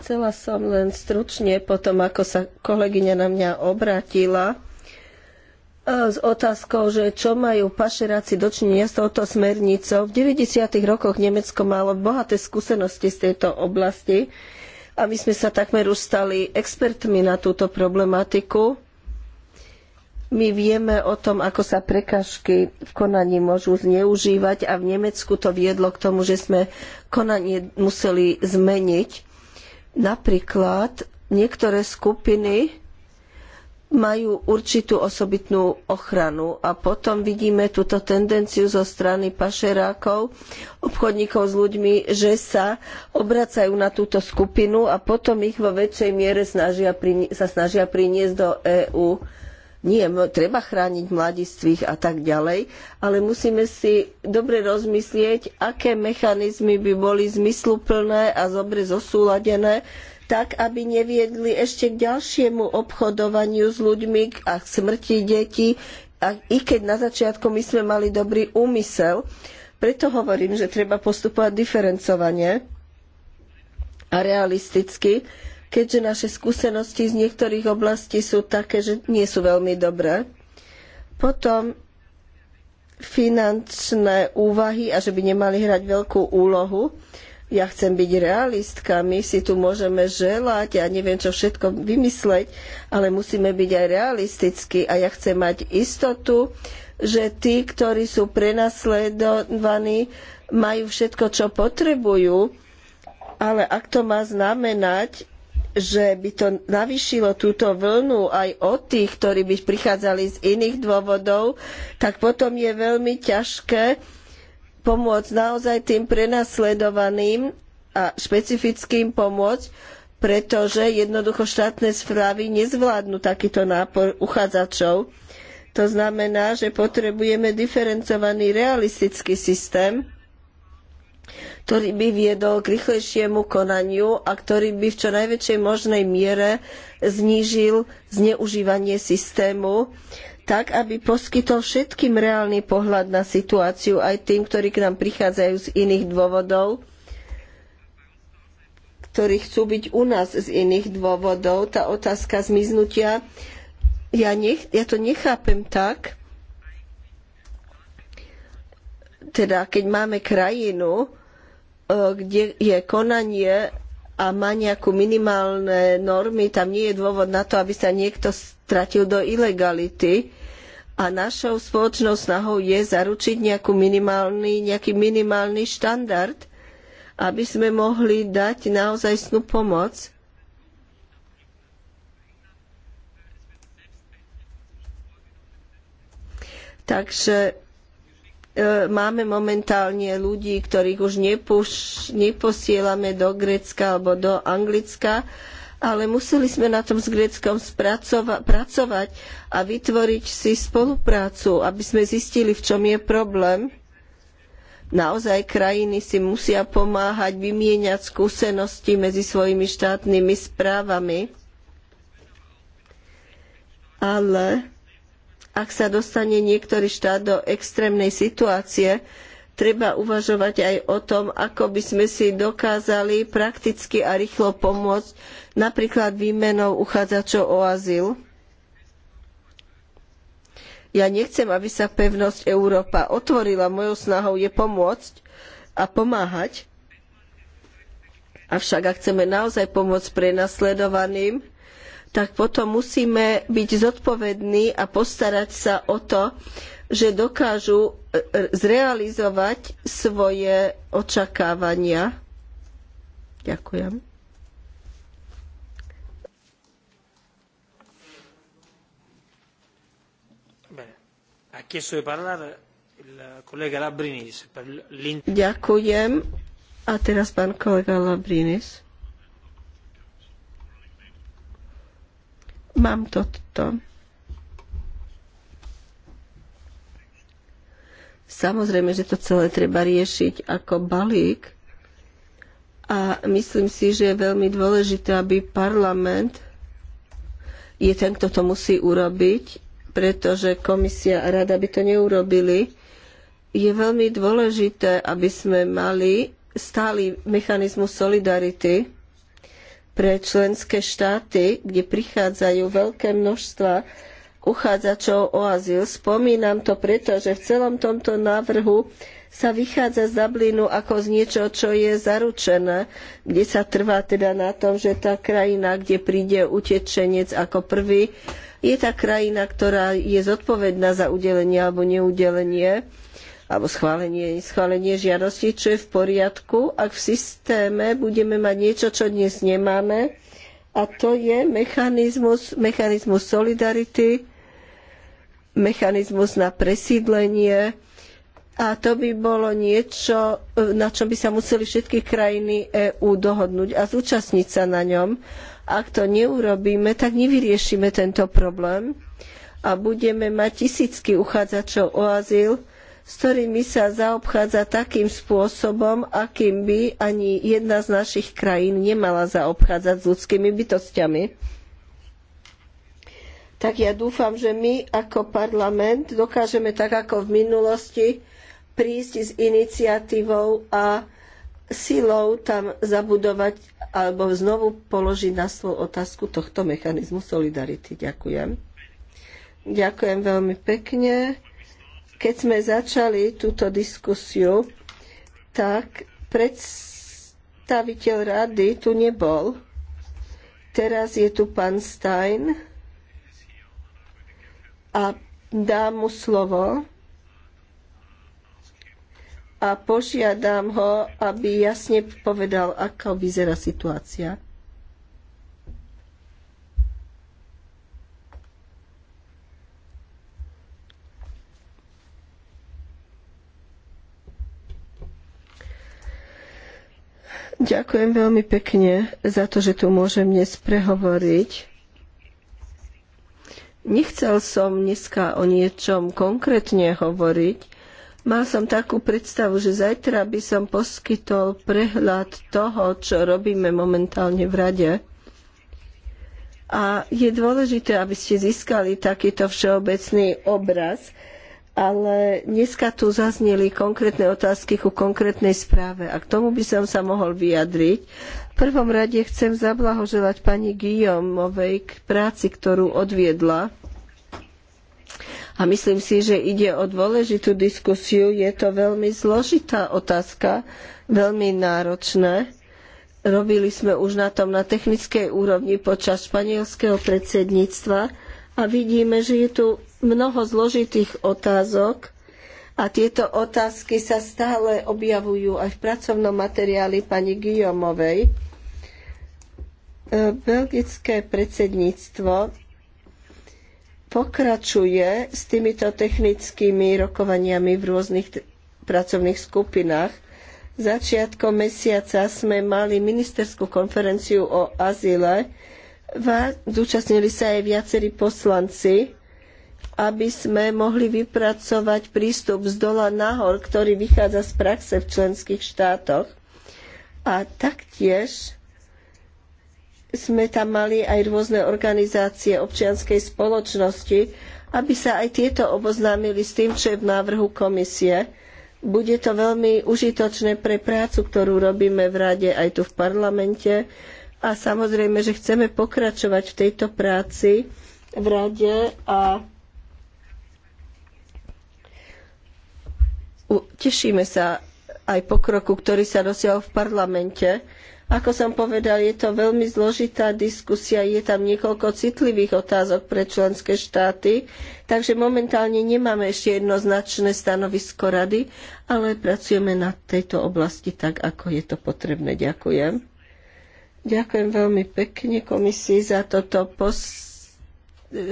Chcela som len stručne, potom ako sa kolegyňa na mňa obratila, E, s otázkou, že čo majú pašeráci dočinenia s touto smernicou. V 90. rokoch Nemecko malo bohaté skúsenosti z tejto oblasti a my sme sa takmer už stali expertmi na túto problematiku. My vieme o tom, ako sa prekažky v konaní môžu zneužívať a v Nemecku to viedlo k tomu, že sme konanie museli zmeniť. Napríklad niektoré skupiny majú určitú osobitnú ochranu. A potom vidíme túto tendenciu zo strany pašerákov, obchodníkov s ľuďmi, že sa obracajú na túto skupinu a potom ich vo väčšej miere snažia, sa snažia priniesť do EÚ. Nie, treba chrániť mladistvých a tak ďalej, ale musíme si dobre rozmyslieť, aké mechanizmy by boli zmysluplné a dobre zosúladené tak aby neviedli ešte k ďalšiemu obchodovaniu s ľuďmi a k smrti detí, a i keď na začiatku my sme mali dobrý úmysel. Preto hovorím, že treba postupovať diferencovane a realisticky, keďže naše skúsenosti z niektorých oblastí sú také, že nie sú veľmi dobré. Potom finančné úvahy a že by nemali hrať veľkú úlohu ja chcem byť realistka, my si tu môžeme želať a ja neviem čo všetko vymysleť, ale musíme byť aj realistickí a ja chcem mať istotu, že tí, ktorí sú prenasledovaní, majú všetko, čo potrebujú, ale ak to má znamenať, že by to navýšilo túto vlnu aj od tých, ktorí by prichádzali z iných dôvodov, tak potom je veľmi ťažké pomôcť naozaj tým prenasledovaným a špecifickým pomôcť, pretože jednoducho štátne správy nezvládnu takýto nápor uchádzačov. To znamená, že potrebujeme diferencovaný realistický systém, ktorý by viedol k rýchlejšiemu konaniu a ktorý by v čo najväčšej možnej miere znížil zneužívanie systému tak aby poskytol všetkým reálny pohľad na situáciu, aj tým, ktorí k nám prichádzajú z iných dôvodov, ktorí chcú byť u nás z iných dôvodov. Tá otázka zmiznutia, ja, nech, ja to nechápem tak, teda keď máme krajinu, e, kde je konanie a má nejakú minimálne normy, tam nie je dôvod na to, aby sa niekto stratil do ilegality. A našou spoločnou snahou je zaručiť nejakú minimálny, nejaký minimálny štandard, aby sme mohli dať naozajstnú pomoc. Takže e, máme momentálne ľudí, ktorých už neposielame do Grécka alebo do Anglicka, ale museli sme na tom s Gréckom pracovať a vytvoriť si spoluprácu, aby sme zistili, v čom je problém. Naozaj krajiny si musia pomáhať vymieňať skúsenosti medzi svojimi štátnymi správami. Ale ak sa dostane niektorý štát do extrémnej situácie, treba uvažovať aj o tom, ako by sme si dokázali prakticky a rýchlo pomôcť napríklad výmenou uchádzačov o azyl. Ja nechcem, aby sa pevnosť Európa otvorila. Mojou snahou je pomôcť a pomáhať. Avšak ak chceme naozaj pomôcť prenasledovaným, tak potom musíme byť zodpovední a postarať sa o to, že dokážu e, e, zrealizovať svoje očakávania. Ďakujem. Ďakujem. A teraz pán kolega Labrinis. Mám toto. Samozrejme, že to celé treba riešiť ako balík. A myslím si, že je veľmi dôležité, aby parlament je ten, kto to musí urobiť, pretože komisia a rada by to neurobili. Je veľmi dôležité, aby sme mali stály mechanizmus solidarity pre členské štáty, kde prichádzajú veľké množstva uchádzačov o azyl. Spomínam to preto, že v celom tomto návrhu sa vychádza z Dublinu ako z niečo, čo je zaručené, kde sa trvá teda na tom, že tá krajina, kde príde utečenec ako prvý, je tá krajina, ktorá je zodpovedná za udelenie alebo neudelenie alebo schválenie, schválenie žiadosti, čo je v poriadku, ak v systéme budeme mať niečo, čo dnes nemáme, a to je mechanizmus, mechanizmus solidarity, mechanizmus na presídlenie a to by bolo niečo, na čom by sa museli všetky krajiny EÚ dohodnúť a zúčastniť sa na ňom. Ak to neurobíme, tak nevyriešime tento problém a budeme mať tisícky uchádzačov o azyl, s ktorými sa zaobchádza takým spôsobom, akým by ani jedna z našich krajín nemala zaobchádzať s ľudskými bytosťami tak ja dúfam, že my ako parlament dokážeme tak ako v minulosti prísť s iniciatívou a silou tam zabudovať alebo znovu položiť na stôl otázku tohto mechanizmu solidarity. Ďakujem. Ďakujem veľmi pekne. Keď sme začali túto diskusiu, tak predstaviteľ rady tu nebol. Teraz je tu pán Stein a dám mu slovo a požiadam ho, aby jasne povedal, aká vyzerá situácia. Ďakujem veľmi pekne za to, že tu môžem dnes prehovoriť Nechcel som dneska o niečom konkrétne hovoriť. Mal som takú predstavu, že zajtra by som poskytol prehľad toho, čo robíme momentálne v rade. A je dôležité, aby ste získali takýto všeobecný obraz ale dneska tu zazneli konkrétne otázky ku konkrétnej správe a k tomu by som sa mohol vyjadriť. V prvom rade chcem zablahoželať pani Guillaumeovej k práci, ktorú odviedla. A myslím si, že ide o dôležitú diskusiu. Je to veľmi zložitá otázka, veľmi náročná. Robili sme už na tom na technickej úrovni počas španielského predsedníctva a vidíme, že je tu mnoho zložitých otázok a tieto otázky sa stále objavujú aj v pracovnom materiáli pani Guillaumovej. E, belgické predsedníctvo pokračuje s týmito technickými rokovaniami v rôznych pracovných skupinách. Začiatkom mesiaca sme mali ministerskú konferenciu o azyle. Zúčastnili sa aj viacerí poslanci aby sme mohli vypracovať prístup z dola nahor, ktorý vychádza z praxe v členských štátoch. A taktiež sme tam mali aj rôzne organizácie občianskej spoločnosti, aby sa aj tieto oboznámili s tým, čo je v návrhu komisie. Bude to veľmi užitočné pre prácu, ktorú robíme v rade aj tu v parlamente. A samozrejme, že chceme pokračovať v tejto práci v rade a tešíme sa aj pokroku, ktorý sa dosiahol v parlamente. Ako som povedal, je to veľmi zložitá diskusia, je tam niekoľko citlivých otázok pre členské štáty, takže momentálne nemáme ešte jednoznačné stanovisko rady, ale pracujeme na tejto oblasti tak, ako je to potrebné. Ďakujem. Ďakujem veľmi pekne komisii za toto pos...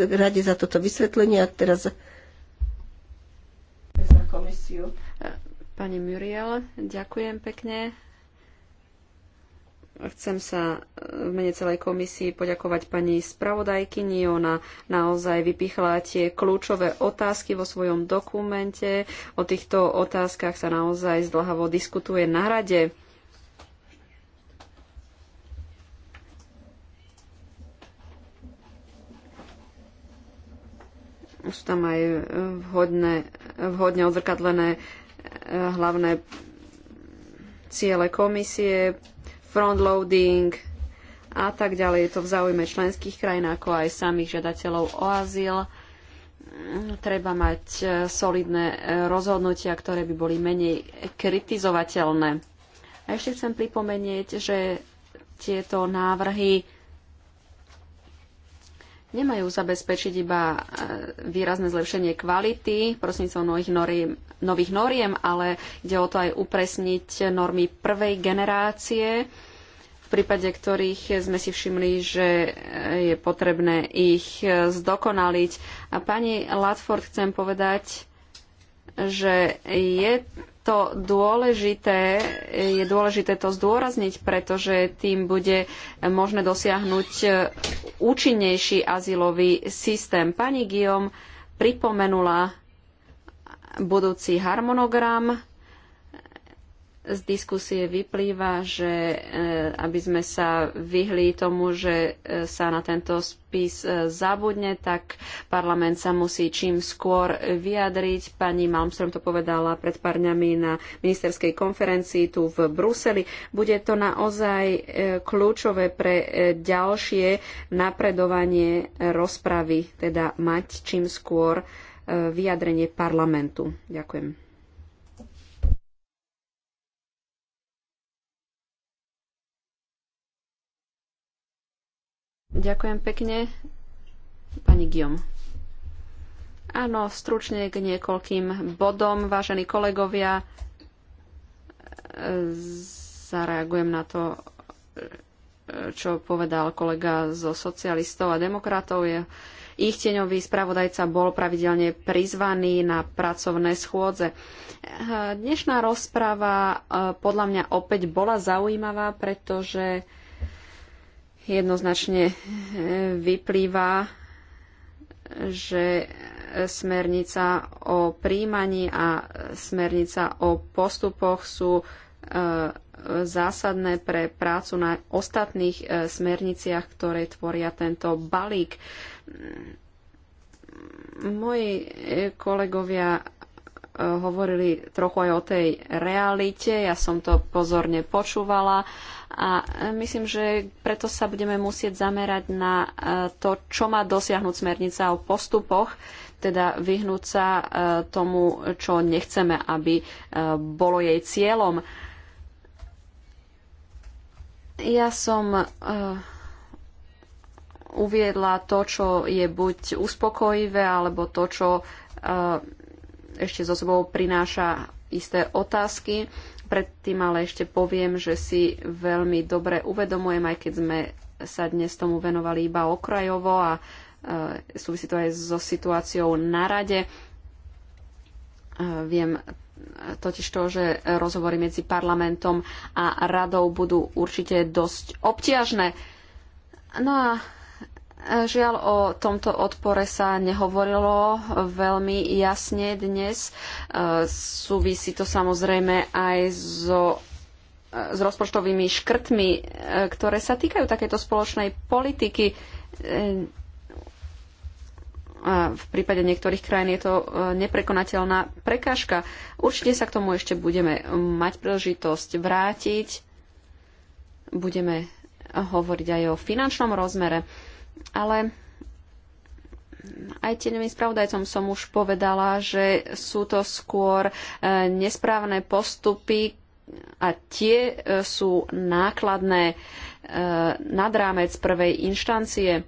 rade za toto vysvetlenie a teraz za komisiu. Pani Muriel, ďakujem pekne. Chcem sa v mene celej komisii poďakovať pani spravodajkyni. Ona naozaj vypichla tie kľúčové otázky vo svojom dokumente. O týchto otázkach sa naozaj zdlhavo diskutuje na rade. Sú tam aj vhodne, vhodne odzrkadlené hlavné ciele komisie, frontloading a tak ďalej. Je to v záujme členských krajín, ako aj samých žiadateľov o azyl. Treba mať e, solidné e, rozhodnutia, ktoré by boli menej kritizovateľné. A ešte chcem pripomenieť, že tieto návrhy nemajú zabezpečiť iba e, výrazné zlepšenie kvality prostredníctvom nových nových noriem, ale ide o to aj upresniť normy prvej generácie, v prípade ktorých sme si všimli, že e, je potrebné ich e, zdokonaliť. A pani Latford chcem povedať, že je to dôležité, je dôležité to zdôrazniť, pretože tým bude možné dosiahnuť účinnejší azylový systém. Pani Guillaume pripomenula budúci harmonogram z diskusie vyplýva, že e, aby sme sa vyhli tomu, že e, sa na tento spis e, zabudne, tak parlament sa musí čím skôr vyjadriť. Pani Malmström to povedala pred pár dňami na ministerskej konferencii tu v Bruseli. Bude to naozaj kľúčové pre ďalšie napredovanie rozpravy, teda mať čím skôr vyjadrenie parlamentu. Ďakujem. Ďakujem pekne. Pani Guillaume. Áno, stručne k niekoľkým bodom, vážení kolegovia. E, zareagujem na to, e, čo povedal kolega zo socialistov a demokratov. Je, ich tieňový spravodajca bol pravidelne prizvaný na pracovné schôdze. E, dnešná rozpráva podľa mňa opäť bola zaujímavá, pretože jednoznačne eh, vyplýva, že smernica o príjmaní a smernica o postupoch sú eh, zásadné pre prácu na ostatných eh, smerniciach, ktoré tvoria tento balík. Moji kolegovia hovorili trochu aj o tej realite. Ja som to pozorne počúvala a e, myslím, že preto sa budeme musieť zamerať na e, to, čo má dosiahnuť smernica o postupoch, teda vyhnúť sa e, tomu, čo nechceme, aby bolo jej cieľom. Ja som uviedla to, čo je buď uspokojivé, alebo to, čo ešte zo sebou prináša isté otázky. Predtým ale ešte poviem, že si veľmi dobre uvedomujem, aj keď sme sa dnes tomu venovali iba okrajovo a e, súvisí to aj so situáciou na rade. E, viem totiž to, že rozhovory medzi parlamentom a radou budú určite dosť obťažné. No a Žiaľ, o tomto odpore sa nehovorilo veľmi jasne dnes. E, súvisí to samozrejme aj so e, s rozpočtovými škrtmi, e, ktoré sa týkajú takéto spoločnej politiky. V prípade niektorých krajín je to neprekonateľná prekážka. Určite sa k tomu ešte budeme mať príležitosť vrátiť. Budeme hovoriť aj o finančnom rozmere ale aj tým spravodajcom som už povedala, že sú to skôr e, nesprávne postupy a tie e, sú nákladné e, nad rámec prvej inštancie.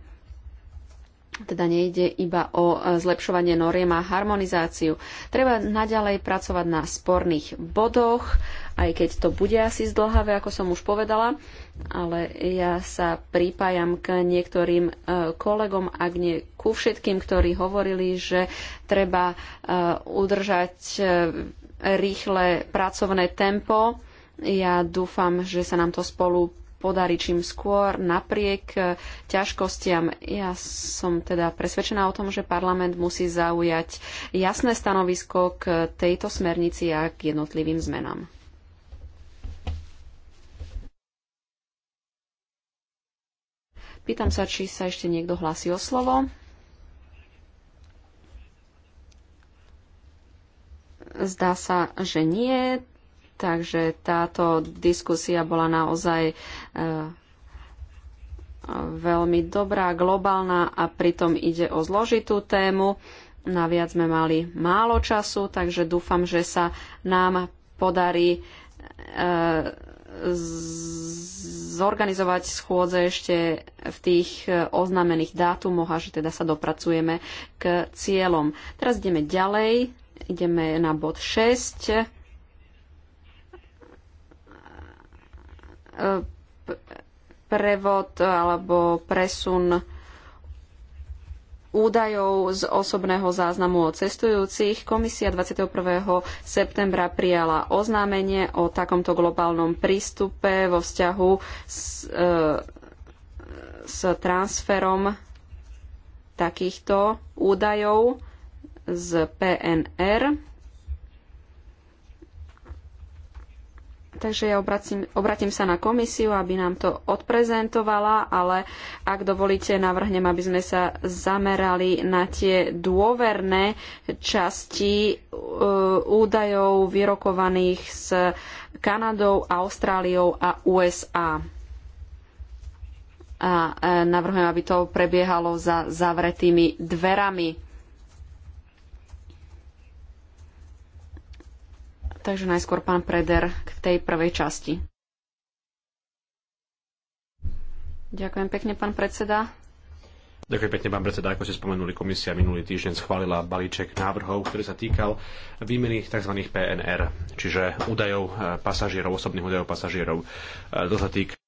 Teda nejde iba o e, zlepšovanie noriem a harmonizáciu. Treba naďalej pracovať na sporných bodoch, aj keď to bude asi zdlhavé, ako som už povedala, ale ja sa prípajam k niektorým e, kolegom, ak nie ku všetkým, ktorí hovorili, že treba e, udržať rýchle pracovné tempo. Ja dúfam, že sa nám to spolu podarí čím skôr napriek eh, ťažkostiam. Ja som teda presvedčená o tom, že parlament musí zaujať jasné stanovisko k tejto smernici a k jednotlivým zmenám. Pýtam sa, či sa ešte niekto hlási o slovo. Zdá sa, že nie. Takže táto diskusia bola naozaj e, veľmi dobrá, globálna a pritom ide o zložitú tému. Naviac sme mali málo času, takže dúfam, že sa nám podarí e, zorganizovať schôdze ešte v tých e, oznámených dátumoch a že teda sa dopracujeme k cieľom. Teraz ideme ďalej, ideme na bod 6 E, prevod alebo presun údajov z osobného záznamu o cestujúcich. Komisia 21. septembra prijala oznámenie o takomto globálnom prístupe vo vzťahu s, e, s transferom takýchto údajov z PNR Takže ja obracím, obratím sa na komisiu, aby nám to odprezentovala, ale ak dovolíte, navrhnem, aby sme sa zamerali na tie dôverné časti e, údajov vyrokovaných s Kanadou, Austráliou a USA. A e, navrhujem, aby to prebiehalo za zavretými dverami. Takže najskôr pán Preder k tej prvej časti. Ďakujem pekne, pán predseda. Ďakujem pekne, pán predseda. Ako ste spomenuli, komisia minulý týždeň schválila balíček návrhov, ktorý sa týkal výmeny tzv. PNR, čiže údajov eh, pasažierov, osobných údajov pasažierov. Eh, to sa týka